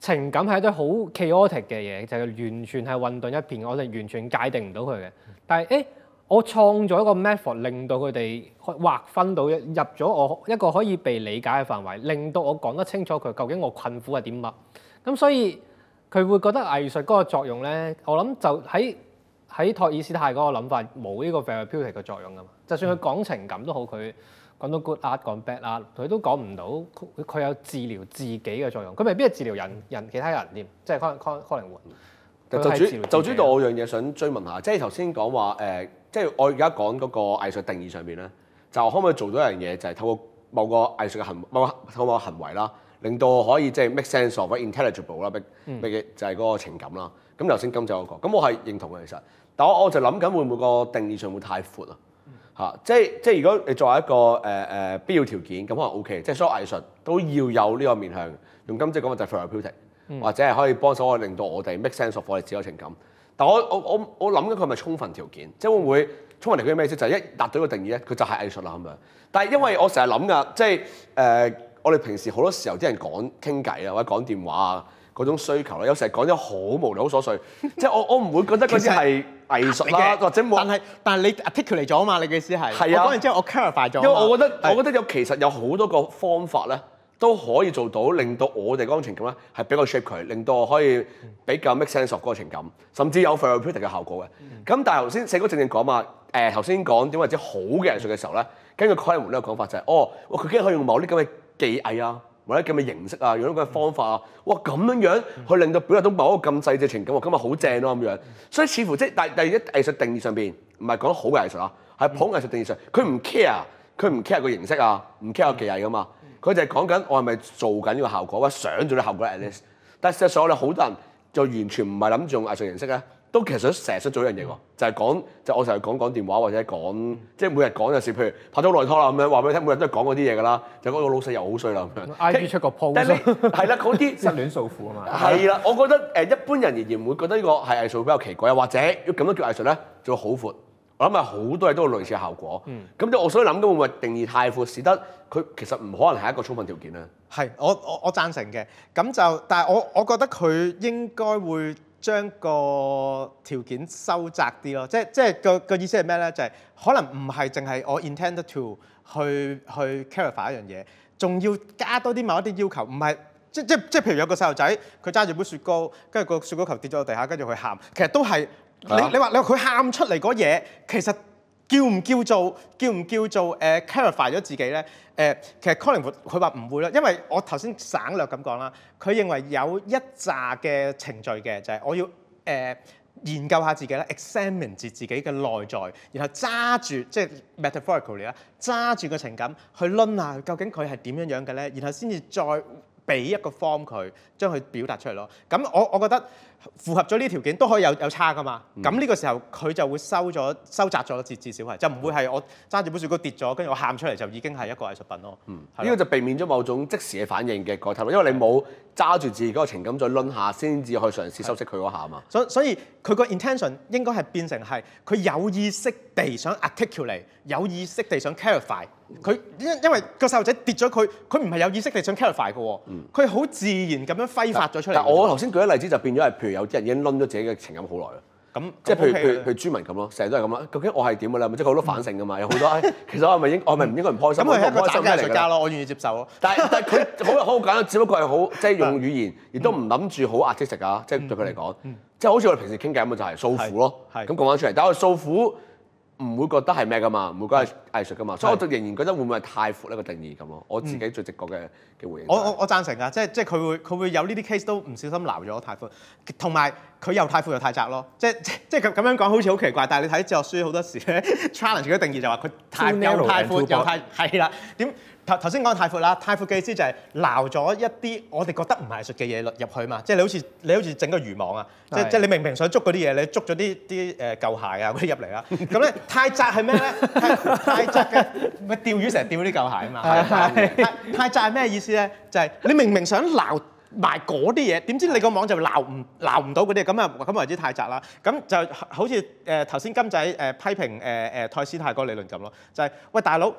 情感係一堆好 chaotic 嘅嘢，就係、是、完全係混沌一片，我哋完全界定唔到佢嘅。但係誒、欸，我創造一個 method 令到佢哋劃分到入咗我一個可以被理解嘅範圍，令到我講得清楚佢究竟我困苦係點乜。咁所以佢會覺得藝術嗰個作用咧，我諗就喺喺托爾斯泰嗰個諗法冇呢個 philosophy 嘅作用㗎嘛。就算佢講情感都好，佢。講到 good art、講 bad art，佢都講唔到，佢有治療自己嘅作用，佢未必係治療人人其他人添？即係可能可能可能 Collingwood 就就主要就主要我樣嘢想追問下，即係頭先講話誒，即係我而家講嗰個藝術定義上面咧，就可唔可以做到一樣嘢，就係透過某個藝術嘅行某個行透過某個行為啦，令到可以即係 make sense of，intelligible 啦，並並就係嗰個情感啦。咁頭先今就嗰、嗰個，咁我係認同嘅其實，但我我就諗緊會唔會個定義上會太闊啊？嚇，即係即係如果你作為一個誒誒、呃呃、必要條件，咁可能 O K。即係所有藝術都要有呢個面向，用金姐講嘅就 freudian、嗯、或者係可以幫手可令到我哋 make sense of，我哋自由情感。但我我我我諗緊佢係咪充分條件，即係會唔會充分條件咩意思？嗯、就係一達到個定義咧，佢就係藝術啦咁樣。但係因為我成日諗㗎，即係誒、呃、我哋平時好多時候啲人講傾偈啊，或者講電話啊。嗰種需求咧，有時係講咗好無聊、好瑣碎，即係我我唔會覺得嗰啲係藝術啦，啊、或者冇。但係但係你 articulate 咗啊嘛？你嘅意思係？係啊，講完之後我 clarify 咗。因為我覺得是我覺得有其實有好多個方法咧，都可以做到令到我哋嗰種情感咧係比較 shape 佢，令到我可以比較 make sense of 嗰個情感，甚至有 repetitive 嘅效果嘅。咁、嗯、但係頭先四哥正正講嘛，誒頭先講點或者好嘅藝術嘅時候咧，根據 claim 呢個講法就係、是，哦，我佢驚可以用某啲咁嘅技藝啊。或者咁嘅形式啊，用到咗嘅方法啊，哇咁樣樣去令到表達到某一個咁細緻情感，哇今日好正咯咁樣，樣，所以似乎即係但但係藝術定義上邊，唔係講好嘅藝術啊，係普藝術定義上，佢唔 care，佢唔 care 個形式啊，唔 care 個技術噶嘛，佢就係講緊我係咪做緊呢個效果，或者想做啲效果係 less，但係事實上我哋好多人就完全唔係諗住用藝術形式啊。都其實成日出咗一樣嘢喎，就係講，就我成日講講電話或者講，即係每日講有時，譬如拍咗耐拖啦咁 IG 樣，話俾你聽，每日都係講嗰啲嘢㗎啦，就嗰個老細又好衰啦咁樣。I G 出個 po 咁，係啦 在，嗰啲失戀訴苦啊嘛。係啦，我覺得誒一般人仍然會覺得呢個係藝術比較奇怪，又或者要咁樣叫藝術咧就會好闊。我諗係好多嘢都有類似嘅效果。咁即係我所以諗到會唔會定義太闊，使得佢其實唔可能係一個充分條件咧。係，我我我贊成嘅。咁就但係我我覺得佢應該會。將個條件收窄啲咯，即即個個意思係咩咧？就係、是、可能唔係淨係我 intend to 去去 clarify 一樣嘢，仲要加多啲某一啲要求，唔係即即即譬如有個細路仔，佢揸住杯雪糕，跟住個雪糕球跌咗落地下，跟住佢喊，其實都係、啊、你你話你話佢喊出嚟嗰嘢，其實。叫唔叫做叫唔叫做誒、呃、clarify 咗自己咧？誒、呃、其實 Collingwood 佢話唔會啦，因為我頭先省略咁講啦。佢認為有一紮嘅程序嘅，就係、是、我要誒、呃、研究下自己啦，examine 住自己嘅內在，然後揸住即係 metaphorically 啦，揸住個情感去論下究竟佢係點樣樣嘅咧，然後先至再俾一個 form 佢，將佢表達出嚟咯。咁我我覺得。符合咗呢啲條件都可以有有差㗎嘛？咁呢、嗯、個時候佢就會收咗收窄咗，至少係就唔會係我揸住本雪糕嗰跌咗，跟住我喊出嚟就已經係一個藝術品咯。嗯，呢個的就避免咗某種即時嘅反應嘅過濾，因為你冇揸住自己嗰個情感再揦下，先至去嘗試修飾佢嗰下嘛。所所以佢個 intention 應該係變成係佢有意識地想 articulate，有意識地想 clarify。佢因因為個細路仔跌咗佢，佢唔係有意識地想 clarify 嘅喎。佢好、嗯、自然咁樣揮發咗出嚟。但我頭先舉嘅例子就變咗係有啲人已經攆咗自己嘅情感好耐啦，咁即係譬如譬如譬如朱文咁咯，成日都係咁啦。究竟我係點嘅咧？即係好多反省嘅嘛，有好多其實我係咪應我係咪唔應該唔開心？咁係一個展藝術家咯，我願意接受咯。但係但係佢好好簡單，只不過係好即係用語言，亦都唔諗住好壓抑食噶，即係對佢嚟講，即係好似我哋平時傾偈咁就係訴苦咯。咁講翻出嚟，但係訴苦唔會覺得係咩嘅嘛，唔會覺得係藝術嘅嘛，所以我仍然覺得會唔會太闊一個定義咁咯。我自己最直覺嘅。我我我贊成㗎，即係即係佢會佢會有呢啲 case 都唔小心撈咗太闊，同埋佢又太闊又太窄咯，即係即係咁咁樣講好似好奇怪，但係你睇哲學書好多時 challenge 嘅定義就話佢又太闊又太係啦，點頭頭先講太闊啦，太闊嘅意思就係撈咗一啲我哋覺得唔藝術嘅嘢入去嘛，即係你好似你好似整個漁網啊是，即即係你明明想捉嗰啲嘢，你捉咗啲啲誒舊鞋啊嗰啲入嚟啦，咁咧太窄係咩咧？太窄嘅咪釣魚成日釣啲舊鞋啊嘛，太窄係咩意思？就係你明明想鬧埋嗰啲嘢，點知你個網就鬧唔鬧唔到嗰啲？咁啊咁啊，為之太窄啦！咁就好似誒頭先金仔誒、呃、批評誒誒、呃呃、泰斯泰哥理論咁咯，就係、是、喂大佬，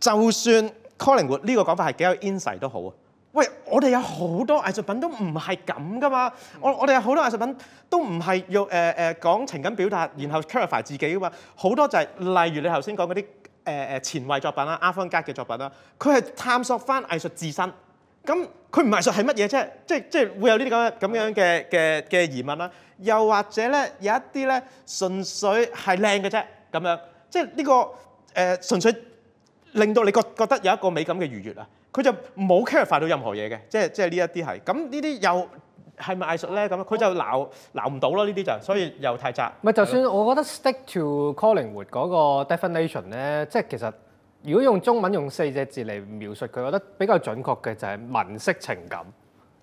就算 call 靈活呢個講法係幾有 insight 都好啊！喂，我哋有好多藝術品都唔係咁噶嘛，我我哋有好多藝術品都唔係用誒誒講情感表達，然後 clarify 自己噶嘛，好多就係、是、例如你頭先講嗰啲。誒誒前衛作品啦，阿方格嘅作品啦，佢係探索翻藝術自身。咁佢唔係藝術係乜嘢啫？即即會有呢啲咁樣咁樣嘅嘅嘅疑問啦。又或者咧，有一啲咧純粹係靚嘅啫，咁樣即呢、呢個誒、呃、純粹令到你覺得覺得有一個美感嘅愉悅啊。佢就冇 care 煩到任何嘢嘅，即即呢一啲係咁呢啲又，係咪藝術咧？咁佢就鬧鬧唔到咯，呢啲就所以又太窄。唔係不，是的 就算我覺得 stick to Collingwood 嗰個 definition 咧，即係其實如果用中文用四隻字嚟描述佢，我覺得比較準確嘅就係文式情感。嗯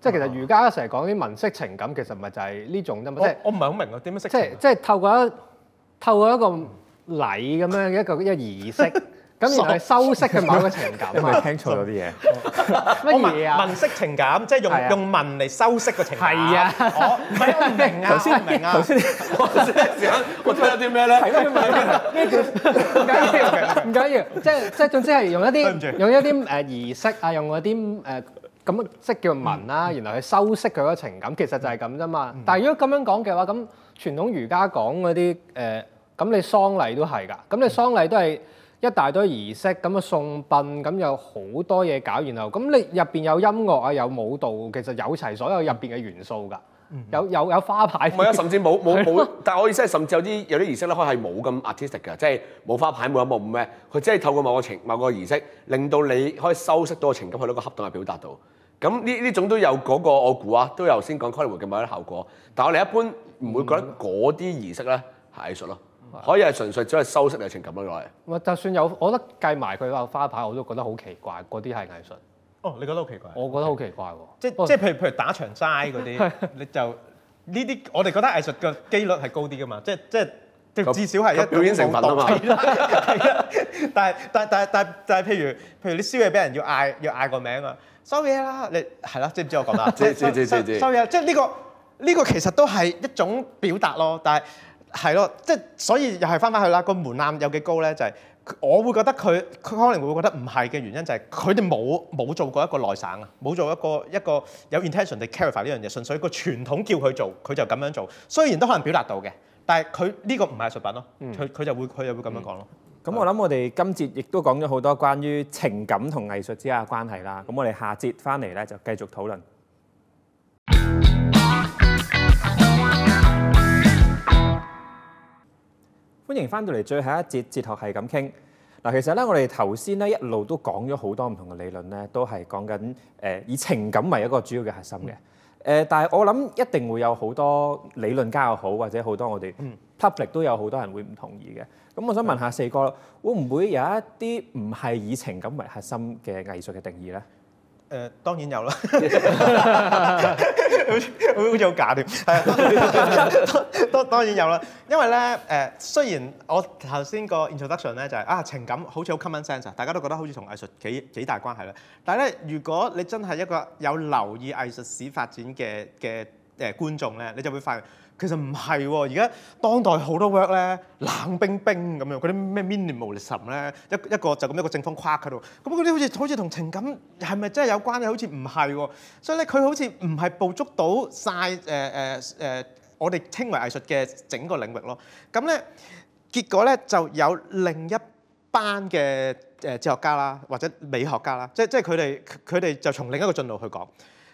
哦、即係其實儒家成日講啲文式情感，其實唔係就係呢種啫嘛。我即係是我唔係好明啊，點樣識？即係即係透過一透過一個禮咁樣 一個一個儀式。 咁嚟修飾嘅某個情感，你係聽錯咗啲嘢？乜嘢啊？文文飾情感，即係用用文嚟修飾個情感。係啊，我唔明啊，頭先唔明啊，頭先我即時刻我知有啲咩咧？係啦，文呢條唔緊要，唔緊要，即即總之係用一啲用一啲誒儀式啊，用一啲誒咁即叫文啦，然後去修飾佢個情感，其實就係咁啫嘛。但係如果咁樣講嘅話，咁傳統儒家講嗰啲誒，咁你喪禮都係㗎，咁你喪禮都係。一大堆儀式，咁啊送殯咁有好多嘢搞，然後咁你入邊有音樂啊，有舞蹈，其實有齊所有入邊嘅元素㗎。有有有花牌。唔係啊，嗯嗯、甚至冇冇冇。但係我意思係，甚至有啲有啲儀式咧，可以係冇咁 artistic 㗎，即係冇花牌，冇有冇咩。佢即係透過某個情某個儀式，令到你可以收飾到個情感去到一個恰當嘅表達到。咁呢呢種都有嗰、那個我估啊，都有先講開會嘅某啲效果。但係我哋一般唔會覺得嗰啲儀式咧係藝術咯。可以係純粹只係收息嘅情感咯，係。唔係就算有，我覺得計埋佢個花牌，我都覺得好奇怪。嗰啲係藝術。哦，你覺得好奇怪？我覺得好奇怪喎。即即譬如譬如打場齋嗰啲，你就呢啲我哋覺得藝術嘅機率係高啲㗎嘛？即即即至少係表演成分啊嘛。係啊，但係但係但係但係譬如譬如你燒嘢俾人要嗌要嗌個名啊，sorry 啦，你係啦，知唔知我講咩？知知知知知。sorry，即呢個呢個其實都係一種表達咯，但係。係咯，即係所以又係翻返去啦。個門檻有幾高咧？就係、是、我會覺得佢佢可能會覺得唔係嘅原因就係佢哋冇冇做過一個內省啊，冇做一個一個有 intention to clarify 呢樣嘢，純粹個傳統叫佢做，佢就咁樣做。雖然都可能表達到嘅，但係佢呢個唔係藝術品咯。佢佢就會佢就會咁樣講咯。咁、嗯嗯、的我諗我哋今節亦都講咗好多關於情感同藝術之間嘅關係啦。咁我哋下節翻嚟咧就繼續討論。歡迎翻到嚟最後一節哲學係咁傾嗱，其實咧我哋頭先咧一路都講咗好多唔同嘅理論咧，都係講緊誒以情感為一個主要嘅核心嘅誒、呃，但係我諗一定會有好多理論家又好，或者好多我哋、嗯、public 都有好多人會唔同意嘅。咁我想問下四哥，會唔會有一啲唔係以情感為核心嘅藝術嘅定義咧？誒、呃、當然有啦 好似好似好假添。係啊，當當然有啦，因為咧誒、呃，雖然我頭先個 introduction 咧就係、是、啊情感好似好 common sense 大家都覺得好似同藝術幾幾大關係啦，但係咧如果你真係一個有留意藝術史發展嘅嘅誒觀眾咧，你就會發現。其實唔係喎，而家當代好多 work 咧，冷冰冰咁樣，嗰啲咩 minimalism 咧，一一個就咁一個正方框喺度，咁嗰啲好似好似同情感係咪真係有關咧？好似唔係喎，所以咧佢好似唔係捕捉到晒誒誒誒我哋稱為藝術嘅整個領域咯。咁咧結果咧就有另一班嘅誒哲學家啦，或者美學家啦，即即係佢哋佢哋就從另一個進度去講。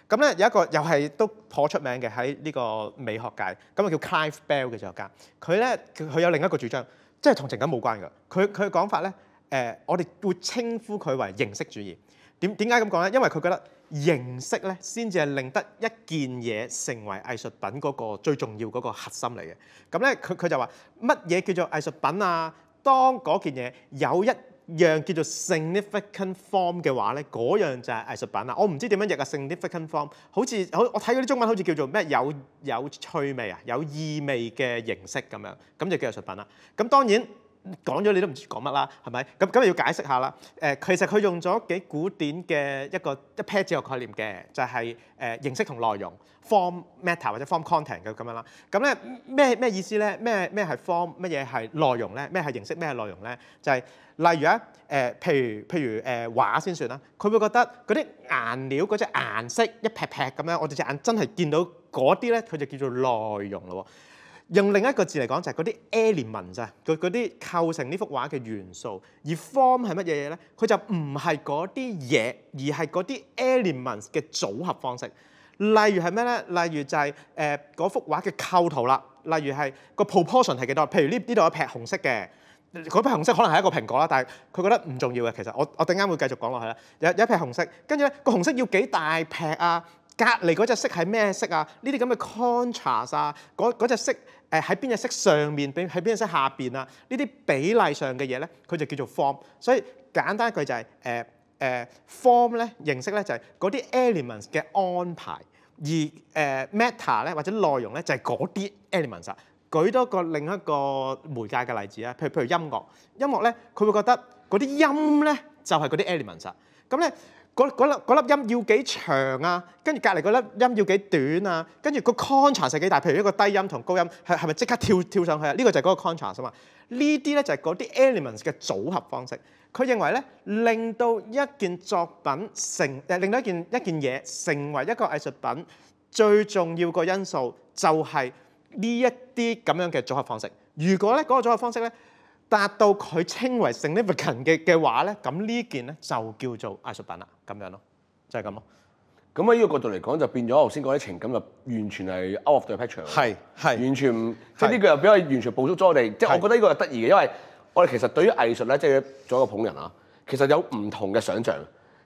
咁咧有一個又係都頗出名嘅喺呢個美學界，咁啊叫 Clive Bell 嘅作家，佢咧佢佢有另一個主張，即係同情感冇關㗎。佢佢嘅講法咧，誒我哋會稱呼佢為形式主義。點點解咁講咧？因為佢覺得形式咧先至係令得一件嘢成為藝術品嗰個最重要嗰個核心嚟嘅。咁咧佢佢就話乜嘢叫做藝術品啊？當嗰件嘢有一樣叫做 significant form 嘅話咧，嗰樣就係藝術品啦。我唔知點樣譯啊，significant form 好似好，我睇嗰啲中文好似叫做咩有有趣味啊，有意味嘅形式咁樣，咁就叫做藝術品啦。咁當然講咗你都唔知講乜啦，係咪？咁咁就要解釋下啦。誒、呃，其實佢用咗幾古典嘅一個一 pair 字嘅概念嘅，就係、是、誒、呃、形式同內容，form matter 或者 form content 咁樣啦。咁咧咩咩意思咧？咩咩係 form？乜嘢係內容咧？咩係形式？咩係內容咧？就係、是。例如啊，誒、呃，譬如譬如誒畫、呃、先算啦，佢會覺得嗰啲顏料嗰隻顏色一撇撇咁樣，我哋隻眼真係見到嗰啲咧，佢就叫做內容咯。用另一個字嚟講，就係、是、嗰啲 element 咋，佢嗰啲構成呢幅畫嘅元素。而 form 係乜嘢嘢咧？佢就唔係嗰啲嘢，而係嗰啲 element 嘅組合方式。例如係咩咧？例如就係誒嗰幅畫嘅構圖啦。例如係、個 proportion 係幾多？譬如呢呢度有撇紅色嘅。嗰批紅色可能係一個蘋果啦，但係佢覺得唔重要嘅。其實我我等陣會繼續講落去啦。有有一批紅色，跟住咧個紅色要幾大劈啊？隔離嗰隻色係咩色啊？呢啲咁嘅 contrast 啊，嗰隻色誒喺邊隻色上面，比喺邊隻色下面啊？呢啲比例上嘅嘢咧，佢就叫做 form。所以簡單一句就係誒誒 form 咧，形式咧就係嗰啲 elements 嘅安排，而誒 matter 咧或者內容咧就係嗰啲 elements 啊。舉多個另一個媒介嘅例子啊，譬如譬如音樂，音樂咧佢會覺得嗰啲音咧就係嗰啲 elements，咁咧嗰嗰粒嗰粒音要幾長啊，跟住隔籬嗰粒音要幾短啊，跟住個 contrast 係幾大，譬如一個低音同高音係係咪即刻跳跳上去啊？呢個就係嗰個 contrast 啊嘛，呢啲咧就係嗰啲 elements 嘅組合方式。佢認為咧，令到一件作品成，誒令到一件一件嘢成為一個藝術品，最重要個因素就係。呢一啲咁樣嘅組合方式，如果咧嗰個組合方式咧達到佢稱為 significant 嘅嘅話咧，咁呢件咧就叫做藝術品啦，咁樣咯，就係咁咯。咁喺呢個角度嚟講，就變咗頭先講啲情感就完全係 out of the picture，係係完全是即係呢個又比較完全捕捉咗我哋，即係是我覺得呢個係得意嘅，因為我哋其實對於藝術咧，即、就、係、是、做一個捧人啊，其實有唔同嘅想像。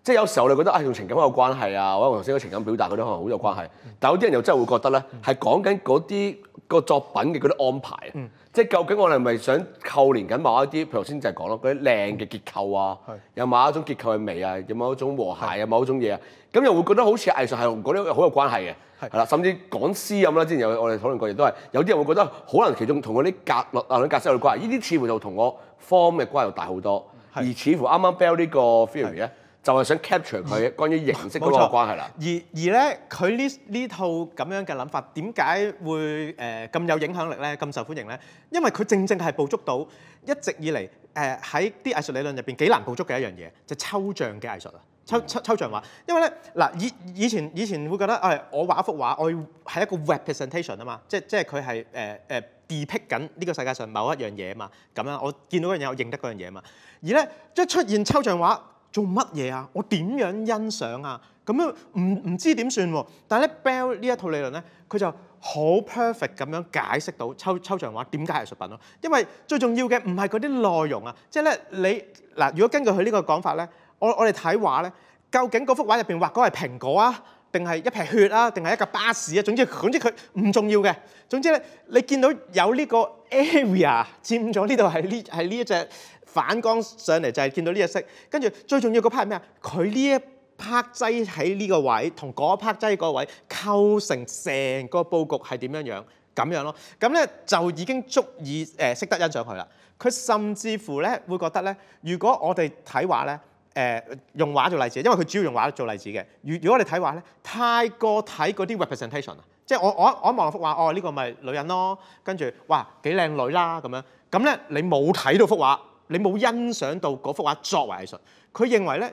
即係有時候我哋覺得啊，同、哎、情感有關係啊，或者頭先個情感表達嗰啲可能好有關係。但有啲人又真係會覺得咧，係講緊嗰啲個作品嘅嗰啲安排，嗯、即係究竟我哋係咪想扣連緊某一啲，譬如頭先就係講咯，嗰啲靚嘅結構啊，是的 有某一種結構嘅美啊，有某一種和諧是的 種啊，有某一種嘢啊，咁又會覺得好似藝術係同嗰啲好有關係嘅，係啦，甚至講詩咁啦，之前有我哋討論過亦都係，有啲人會覺得可能其中同嗰啲格律啊、啲格式有關係，呢啲似乎就同我 form 嘅關係又大好多，是的 的而似乎啱啱 build 呢個 feeling 呢？的的就係想 capture 佢關於形式嗰個關係啦。而而咧，佢呢呢套咁樣嘅諗法，點解會誒咁、呃、有影響力咧？咁受歡迎咧？因為佢正正係捕捉到一直以嚟誒喺啲藝術理論入邊幾難捕捉嘅一樣嘢，就係、抽象嘅藝術啊，抽、嗯、抽抽象畫。因為咧，嗱以以前以前會覺得誒、哎，我畫一幅畫，我要係一個 representation 啊嘛，即即係佢係誒誒 depict 緊呢個世界上某一樣嘢啊嘛。咁樣我見到嗰樣嘢，我認得嗰樣嘢啊嘛。而咧，即出現抽象畫。做乜嘢啊？我點樣欣賞啊？咁樣唔唔知點算喎。但係咧，Bell 呢一套理論咧，佢就好 perfect 咁樣解釋到抽抽象畫點解係藝術品咯。因為最重要嘅唔係嗰啲內容啊，即係咧你嗱，如果根據佢呢個講法咧，我我哋睇畫咧，究竟嗰幅畫入邊畫嗰係蘋果啊，定係一撇血啊，定係一架巴士啊？總之總之佢唔重要嘅。總之咧，你見到有呢個 area 佔咗呢度係呢係呢一隻。反光上嚟就係見到呢一色，跟住最重要嗰 part 係咩啊？佢呢一 part 擠喺呢個位，同嗰 part 擠嗰位構成成個佈局係點樣樣？咁樣咯，咁咧就已經足以誒、呃、識得欣賞佢啦。佢甚至乎咧會覺得咧，如果我哋睇畫咧，誒、呃、用畫做例子，因為佢主要用畫做例子嘅。如如果我哋睇畫咧，太過睇嗰啲 representation 啊，即係我我我望幅畫，哦呢、這個咪女人咯，跟住哇幾靚女啦咁樣，咁咧你冇睇到幅畫。你冇欣賞到嗰幅畫作為藝術，佢認為咧誒、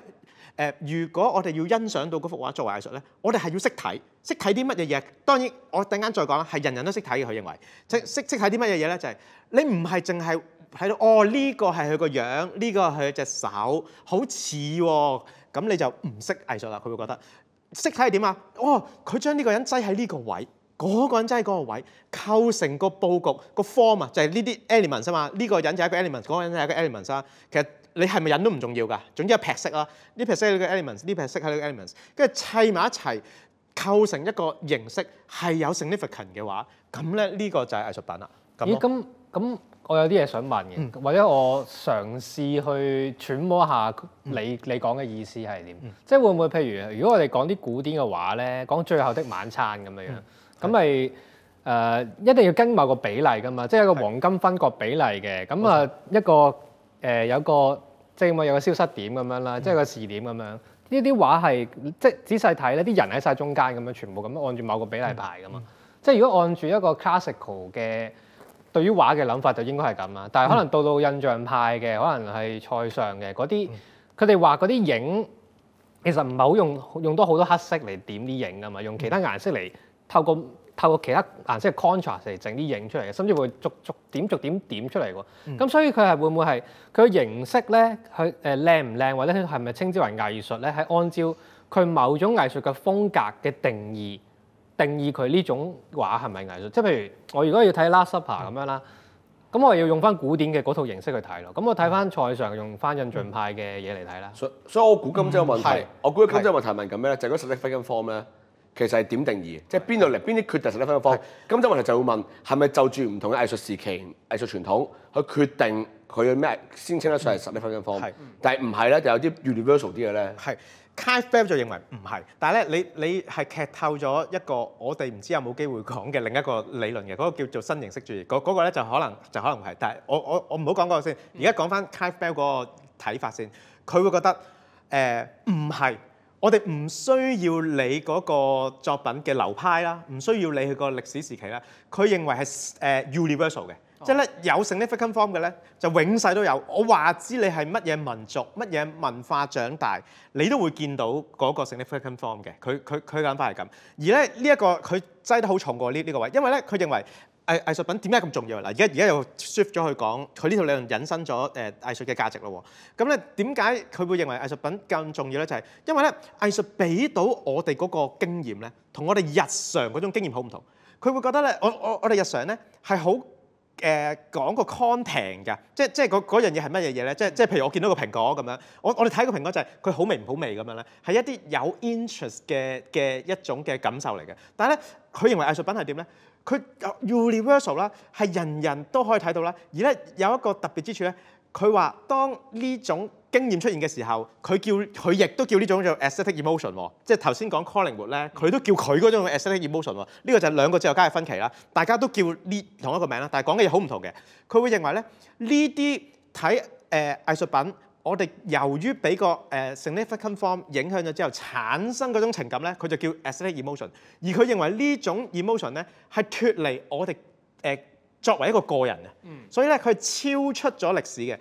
呃，如果我哋要欣賞到嗰幅畫作為藝術咧，我哋係要識睇，識睇啲乜嘢嘢？當然，我等間再講，係人人都識睇嘅。佢認為識識識睇啲乜嘢嘢咧，就係、是、你唔係淨係喺度哦，呢、個個係佢、個個樣，呢個係隻手，好似喎、哦，咁你就唔識藝術啦。佢會覺得識睇係點啊？哦，佢將呢個人擠喺呢個位。嗰個人真係嗰個位構成個佈局、個 form 啊，就係呢啲 elements 啊嘛。呢個人就係一個 element，嗰個人係一個 elements 啊。其實你係咪人都唔重要㗎，總之係劈色啦。呢劈色係呢個 elements，呢劈色係呢個 elements，跟住砌埋一齊構成一個形式係有 significant 嘅話，咁咧呢、呢個就係藝術品啦。咦？咁咁、欸、我有啲嘢想問嘅，嗯、或者我嘗試去揣摩下你、嗯、你講嘅意思係點？嗯、即係會唔會譬如如果我哋講啲古典嘅話咧，講《最後的晚餐》咁嘅樣？嗯咁咪誒一定要跟某個比例噶嘛，即係一個黃金分割比例嘅。咁啊的一個誒、呃、有個即係點有個消失點咁樣啦，嗯、即係個視點咁樣。呢啲畫係即係仔細睇咧，啲人喺晒中間咁樣，全部咁按住某個比例排噶嘛。嗯、即係如果按住一個 classical 嘅對於畫嘅諗法，就應該係咁啊。但係可能到到印象派嘅，可能係塞尚嘅嗰啲，佢哋畫嗰啲影其實唔係好用用多好多黑色嚟點啲影噶嘛，用其他顏色嚟。嗯透過透過其他顏色嘅 contrast 嚟整啲影出嚟嘅，甚至會逐逐點逐點點出嚟喎。咁、嗯、所以佢係會唔會係佢嘅形式咧？佢誒靚唔靚，或者佢係咪稱之為藝術咧？係按照佢某種藝術嘅風格嘅定義，定義佢呢種畫係咪藝術？即係譬如我如果要睇 Last、嗯、Supper 咁樣啦，咁我要用翻古典嘅嗰套形式去睇咯。咁我睇翻塞尚用翻印象派嘅嘢嚟睇啦。所所以我估今朝嘅問題，嗯、我估今朝嘅問題對對問緊咩咧？就係嗰個色彩飛跟方咧。其實係點定義即係邊度嚟？邊啲決定 significant form？是今週問題就會問係咪就住唔同嘅藝術時期、藝術傳統去決定佢嘅咩先稱得上係 significant form？係，但係唔係咧？就有啲 universal 啲嘅咧。係 Clive Bell 就認為唔係，但係咧，你你係劇透咗一個我哋唔知有冇機會講嘅另一個理論嘅，嗰、那個叫做新形式主義。嗰、那個咧就可能就可能係，但係我我我唔好講嗰個先。而家講翻 Clive Bell 嗰個睇法先，佢會覺得誒唔係。呃我哋唔需要你嗰個作品嘅流派啦，唔需要你去個歷史時期啦。佢認為係誒、呃、universal 嘅，哦、即係咧有 significant form 嘅咧，就永世都有。我話知你係乜嘢民族、乜嘢文化長大，你都會見到嗰個 significant form 嘅。佢佢佢諗法係咁。而咧呢一、呢個佢擠得好重過呢呢個位，因為咧佢認為。藝藝術品點解咁重要啊？嗱，而家而家又 shift 咗去講，佢呢套理論引申咗誒藝術嘅價值咯。咁咧點解佢會認為藝術品更重要咧？就係因為咧藝術俾到我哋嗰個經驗咧，同我哋日常嗰種經驗好唔同。佢會覺得咧，我我我哋日常咧係好誒講個 content 㗎，即即係嗰嗰樣嘢係乜嘢嘢咧？即即係譬如我見到個蘋果咁樣，我我哋睇個蘋果就係佢好味唔好味咁樣咧，係一啲有 interest 嘅嘅一種嘅感受嚟嘅。但係咧，佢認為藝術品係點咧？佢 universal 啦，係人人都可以睇到啦。而咧有一個特別之處咧，佢話當呢種經驗出現嘅時候，佢叫佢亦、哦、都叫呢種叫 aesthetic emotion 即、哦、係頭先講 Collingwood 咧，佢都叫佢嗰種 aesthetic emotion 呢個就係兩個哲學家嘅分歧啦。大家都叫呢同一個名啦，但係講嘅嘢好唔同嘅。佢會認為咧呢啲睇誒藝術品。我哋由於俾個誒 significant form 影響咗之後，產生嗰種情感咧，佢就叫 aesthetic emotion。而佢認為呢種 emotion 咧，係脱離我哋誒、呃、作為一個個人嘅，所以咧佢超出咗歷史嘅，誒、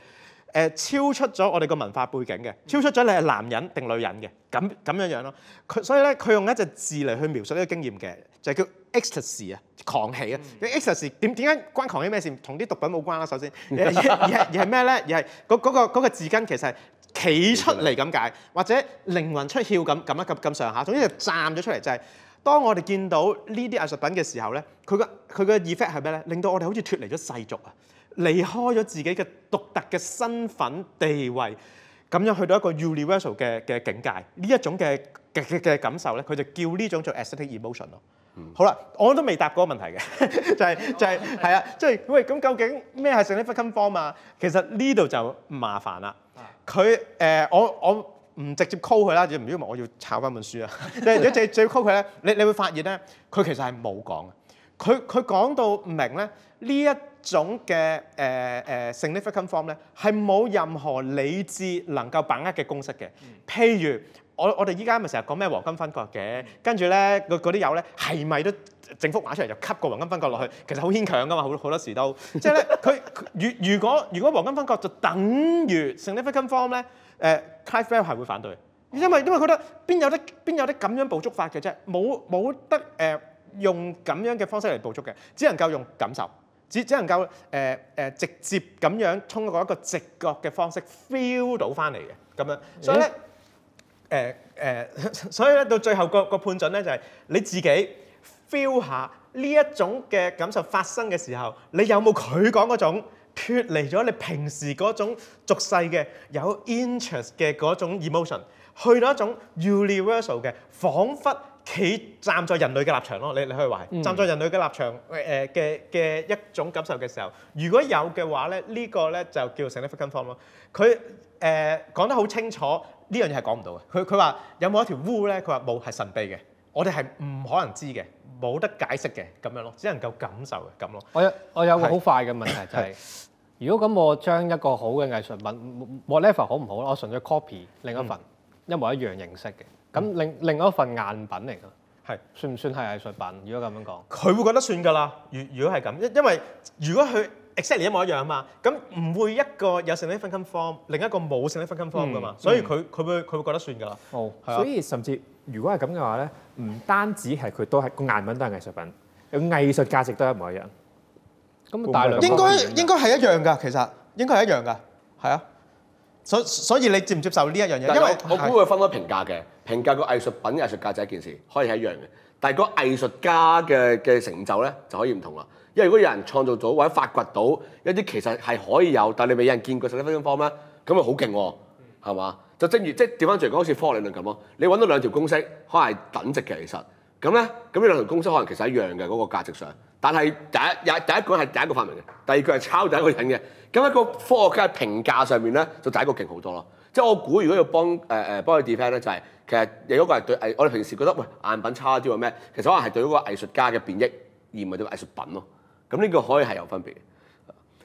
呃、超出咗我哋個文化背景嘅，超出咗你係男人定女人嘅咁咁樣樣咯。佢所以咧，佢用一隻字嚟去描述呢個經驗嘅，就係、是、叫。ecstasy 啊，狂喜啊 ecstasy 點點解、嗯、關狂喜咩事？同啲毒品冇關啦，首先。而而係咩咧？而係嗰嗰個字根、嗰個、其實係企出嚟咁解，或者靈魂出竅咁咁啊咁咁上下。總之就站咗出嚟，就係、係、當我哋見到呢啲藝術品嘅時候咧，佢個佢嘅 effect 係咩咧？令到我哋好似脱離咗世俗啊，離開咗自己嘅獨特嘅身份地位，咁樣去到一個 universal 嘅嘅境界。呢一種嘅嘅嘅感受咧，佢就叫呢種做 aesthetic emotion 咯。 好啦，我都未答嗰個問題嘅，就係、是、就係係啊，即係、 就是、喂，咁、嗯、究竟咩係 significant form 啊？ 其實呢度就麻煩啦。佢誒、呃、我我唔直接 call 佢啦，唔因為我要抄翻本書啊。 你如果直接 call 佢咧，你你會發現咧，佢其實係冇講。佢佢講到唔明咧，呢一種嘅誒誒 significant form 咧，係、呃、冇、呃、任何理智能夠把握嘅公式嘅，譬如。我我哋依家咪成日講咩黃金分割嘅，跟住咧嗰嗰啲友咧係咪都整幅畫出嚟就吸個黃金分割落去？其實好牽強噶嘛，好好多時都即係咧，佢如如果如果黃金分割就等於 significant form 咧，誒 Clive Bell 係會反對，因為因為覺得邊有得邊有得咁樣捕捉法嘅啫，冇冇得誒用咁樣嘅方式嚟捕捉嘅，只能夠用感受，只只能夠誒誒直接咁樣通過一個直覺嘅方式 feel 到翻嚟嘅，咁樣所以咧。誒誒、呃呃，所以咧到最後個個判準咧就係、是、你自己 feel 下呢一種嘅感受發生嘅時候，你有冇佢講嗰種脫離咗你平時嗰種俗世嘅有 interest 嘅嗰種 emotion，去到一種 universal 嘅，彷彿企站在人類嘅立場咯，你你可以話、嗯、站在人類嘅立場誒嘅嘅一種感受嘅時候，如果有嘅話咧，這個、呢個咧就叫 significant form 咯，佢。誒講得好清楚，呢樣嘢係講唔到嘅。佢佢話有冇一條 rule 呢？佢話冇，係神秘嘅。我哋係唔可能知嘅，冇得解釋嘅咁樣咯，只能夠感受嘅咁咯。我有我有個好快嘅問題就係，如果咁我將一個好嘅藝術品，whatever 好唔好啦，我純粹 copy 另一份一模一樣形式嘅，咁另另外一份贗品嚟㗎，係算唔算係藝術品？如果咁樣講，佢會覺得算㗎啦。如如果係咁，因因為如果佢。Exactly 一模一樣啊嘛，咁唔會一個有剩啲分金 form，另一個冇剩啲分金 form 噶嘛，所以佢佢會佢會覺得算噶啦。哦，所以甚至如果係咁嘅話咧，唔單止係佢都係個贗品都係藝術品，個藝術價值都係一模一樣。咁大量應該應該係一樣噶，其實應該係一樣噶，係啊。所所以你接唔接受呢一樣嘢？因為我估會分開評價嘅，評價個藝術品藝術價值一件事可以係一樣嘅，但係個藝術家嘅嘅成就咧就可以唔同啦。因為如果有人創造到或者發掘到一啲其實係可以有，但你未有人見過一分方方咩？咁咪好勁喎，係嘛？就正如即係調翻轉講，好似科學理論咁咯。你揾到兩條公式，可能係等值嘅其實。咁咧，咁呢兩條公式可能其實一樣嘅嗰、那個價值上。但係第一，第一個係第一個發明嘅，第二個係抄第一個人嘅。咁、那、一個科學家評價上面咧，就第一個勁好多咯。即係我估，如果要幫誒誒、呃、幫佢 defend 咧，就係、是、其實你嗰個係對藝，我哋平時覺得喂贗品差啲喎咩？其實可能係對嗰個藝術家嘅貶抑，而唔係對藝術品咯。咁呢個可以係有分別嘅。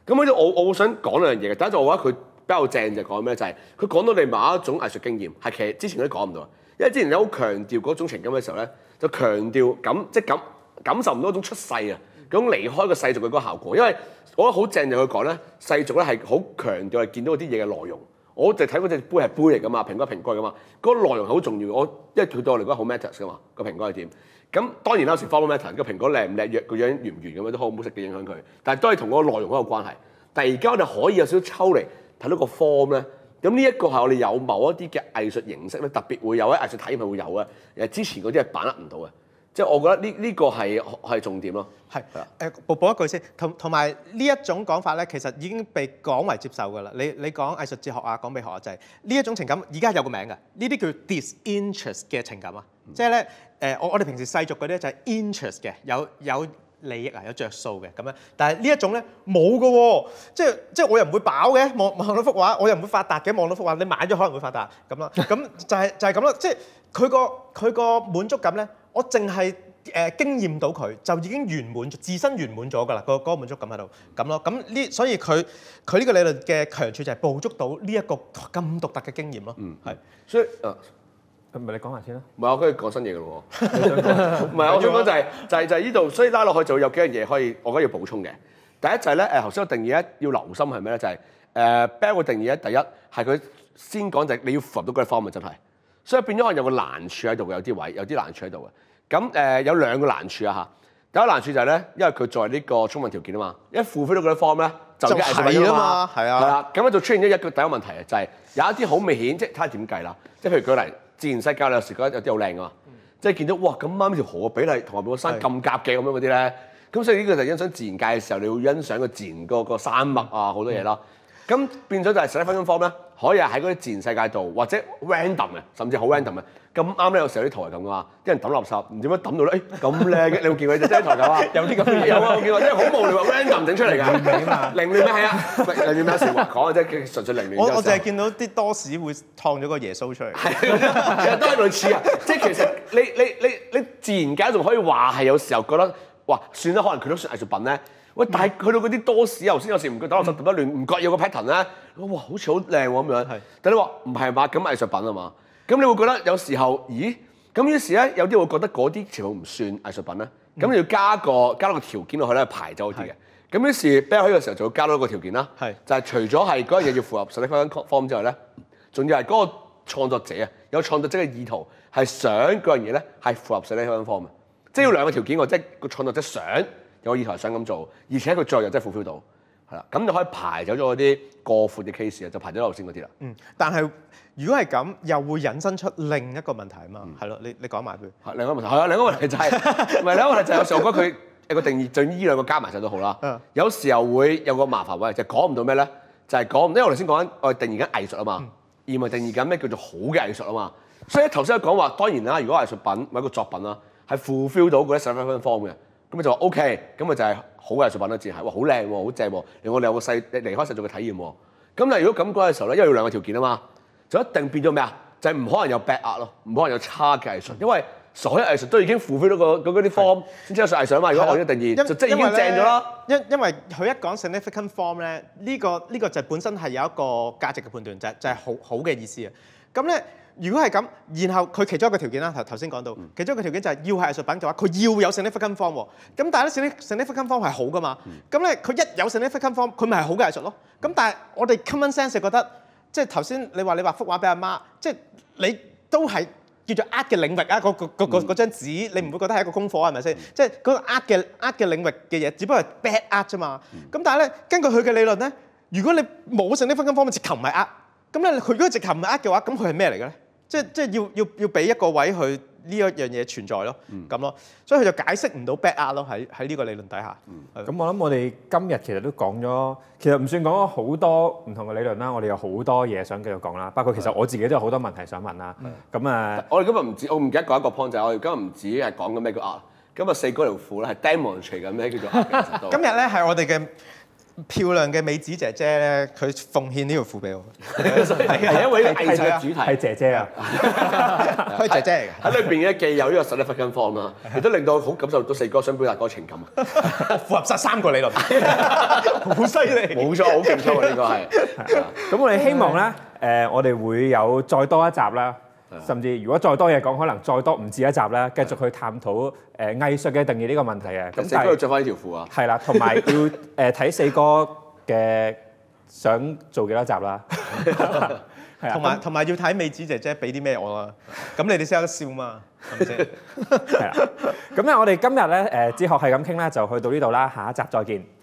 咁好似我我好想講兩樣嘢嘅。第一就我覺得佢比較正就講咩，就係佢講到你某一種藝術經驗，係其實之前都講唔到。因為之前你好強調嗰種情感嘅時候咧，就強調感即感感受唔到一種出世啊，一種離開個世俗嘅嗰個效果。因為我覺得好正就佢講咧，世俗咧係好強調係見到啲嘢嘅內容。我就睇嗰隻杯係杯嚟㗎嘛，蘋果蘋果嚟㗎嘛，嗰個內容係好重要。我因即因為佢對我嚟講好 matters 㗎嘛，個蘋果係點？咁當然啦，有時 format 唔同，個蘋果靚唔靚，個樣圓唔圓咁樣都好唔好食嘅影響佢。但係當然同個內容都有關係。但係而家我哋可以有少少抽離睇到個 form 咧。咁呢一個係我哋有某一啲嘅藝術形式咧，特別會有喺藝術體驗係會有嘅。誒之前嗰啲係把握唔到嘅。即係我覺得呢呢個係係重點咯。係、呃，誒補補一句先，同同埋呢一種講法咧，其實已經被廣為接受㗎啦。你你講藝術哲學啊，講美學啊，就係、是、呢一種情感，而家有個名㗎。呢啲叫 disinterest 嘅情感啊。即係咧，誒、呃、我我哋平時世俗嗰啲就係 interest 嘅，有有利益啊，有着數嘅咁樣。但係呢一種咧冇㗎喎，即係即係我又唔會飽嘅，望望到幅畫，我又唔會發達嘅，望到幅畫。你買咗可能會發達咁啦。咁就係、是、就係咁啦。即係佢個佢個滿足感咧。我淨係誒經驗到佢，就已經圓滿，自身圓滿咗㗎啦，那個嗰個滿足感喺度咁咯。咁呢，所以佢佢呢個理論嘅強處就係捕捉到呢一個咁獨特嘅經驗咯。嗯，係是。所以誒，唔、呃、係你講下先啦。唔係我跟住講新嘢㗎喎。唔係想 我最緊就係、是、就係、是、就係呢度。所以拉落去就會有幾樣嘢可以，我覺得要補充嘅。第一就係咧誒，頭先個定義咧要留心係咩咧？就係誒 Bell 個定義咧，第一係佢先講就係你要符合到嗰一方面，真、就、係、是。所以變咗我有個難處喺度，有啲位有啲難處喺度嘅。咁誒、呃、有兩個難處啊嚇，第一個難處就係、是、咧，因為佢作為呢個充分條件啊嘛，一符合到嗰啲 form 咧，就係違例啊嘛，係啊，係啦、啊，咁喺、啊、就出現咗一個第一個問題啊、就是，就係有一啲好明顯，即係睇下點計啦，即係譬如舉例，自然世界有時覺得有啲好靚啊嘛，即係見到哇咁啱條河嘅比例同埋條山咁夾嘅咁樣嗰啲咧，咁所以呢個就係欣賞自然界嘅時候，你會欣賞個自然嗰個生物啊好多嘢啦，咁、嗯、變咗就係十一分之 form 咧，可以喺嗰啲自然世界度或者 random 啊，甚至好 random 啊。咁啱咧，有時候啲圖係咁噶嘛，啲人抌垃圾，唔知點樣抌到咧，誒咁靚嘅，你有冇見過即係啲台狗啊？ 有啲咁嘅嘢，有啊，我見過，即係好無聊，random 整出嚟噶，亂㗎嘛，凌亂咩？係啊， 有啲咩？説話講即啫，純粹凌亂。我我就係見到啲多士會燙咗個耶穌出嚟， 其實都係類似啊。即係其實你你你你，你，你自然界仲可以話係，有時候覺得哇，算啦，可能佢都算藝術品咧。喂，但係去到嗰啲多士，頭先有時唔覺得垃圾點樣亂，唔覺有個 pattern 咧，哇，好似好靚喎咁樣。係。但你話唔係嘛？咁藝術品啊嘛？咁你會覺得有時候，咦咁於是咧有啲會覺得嗰啲全部唔算藝術品咧。咁、嗯、你要加個加多個條件落去咧，排走啲嘅。咁於是擺喺個時候就要加多一個條件啦，是的 就係除咗係嗰樣嘢要符合審美方方之外咧，仲要係嗰個創作者啊有創作者嘅意圖係想嗰樣嘢咧，係符合審美方方，即係要兩個條件喎，即係個創作者想有個意圖想咁做，而且佢作用真係符合到。係啦，咁就可以排走咗嗰啲過闊嘅 case 啊，就排咗頭先嗰啲啦。嗯，但係如果係咁，又會引申出另一個問題啊嘛，係咯、嗯，你你講埋佢。另一個問題係啊，另一個問題就係、是，唔另一個問題就係有時候我覺得佢誒個定義，將呢兩個加埋晒都好啦。的有時候會有個麻煩位，就講、是、唔到咩咧，就係講唔因為我哋先講緊我哋定義緊藝術啊嘛，嗯、而唔係定義緊咩叫做好嘅藝術啊嘛。所以頭先講話當然啦，如果藝術品或者個作品啦，係 fulfill 到嗰啲 s 嘅。咁就話 O K，咁咪就係好藝術品咯，自然係哇，好靚喎，好正喎，令我哋有個世離開世俗嘅體驗喎、啊。但係，如果咁講嘅時候咧，因為要兩個條件啊嘛，就一定變咗咩啊？就係、是、唔可能有 bad art 咯，唔可能有差嘅藝術，因為所有藝術都已經符合到個嗰啲 form 先至是有藝術啊嘛。是如果我一定要為就即係已經正咗咯。因因為佢一講 significant form 咧、這個，呢個呢個就本身係有一個價值嘅判斷，就係、是、就係好好嘅意思啊。咁咧。如果係咁，然後佢其中一個條件啦，頭頭先講到，其中一個條件就係要係藝術品嘅話，佢要有 significant form 喎。咁但係咧，significant significant form 係好噶嘛？咁咧，佢一有 significant form，佢咪係好嘅藝術咯？咁但係我哋 common sense 覺得，即係頭先你話你畫幅畫俾阿媽，即係你都係叫做 art 嘅領域啊！嗰嗰嗰嗰張紙，你唔會覺得係一個功課係咪先？即係嗰個 art 嘅 art 嘅領域嘅嘢，只不過係 badart 啫嘛。咁但係咧，根據佢嘅理論咧，如果你冇 significant form，咪直琴咪 art。咁咧，佢如果直琴唔 art 嘅話，咁佢係咩嚟嘅咧？即係即係要要要俾一個位佢呢一樣嘢存在咯，咁、嗯、咯，所以佢就解釋唔到 bad art 咯，喺喺呢個理論底下。咁、嗯、是的 我諗我哋今日其實都講咗，其實唔算講咗好多唔同嘅理論啦。我哋有好多嘢想繼續講啦，包括其實我自己都有好多問題想問啦。咁誒，我哋今日唔止，我唔記得講一個 point 就係、是、我哋今日唔止係講緊咩叫 art，今日四哥條褲咧係 demonstrate 緊咩叫做 art。今日咧係我哋嘅。漂亮嘅美子姐姐咧，佢奉獻呢條褲俾我，係 的一位藝術嘅主題，係姐姐啊，係姐姐嚟嘅。喺裏邊嘅既有呢個實力花間坊啦，亦都令到好感受到四哥想表達嗰個情感， 符合晒三個理論，好犀利。冇錯，好勁，錯啊， 呢個係。咁我哋希望咧，誒對、呃，我哋會有再多一集啦。甚至如果再多嘢講，可能再多唔止一集啦。繼續去探討誒、呃、藝術嘅定義呢個問題嘅。咁正都要着翻呢條褲啊！係啦，同埋要誒睇四哥嘅想做幾多集啦。係啊 的，同埋同埋要睇美子姐姐俾啲咩我啊。咁你哋識得笑嘛？係咪先？係啦。咁咧，我哋今日咧誒哲學係咁傾咧，就去到呢度啦。下一集再見。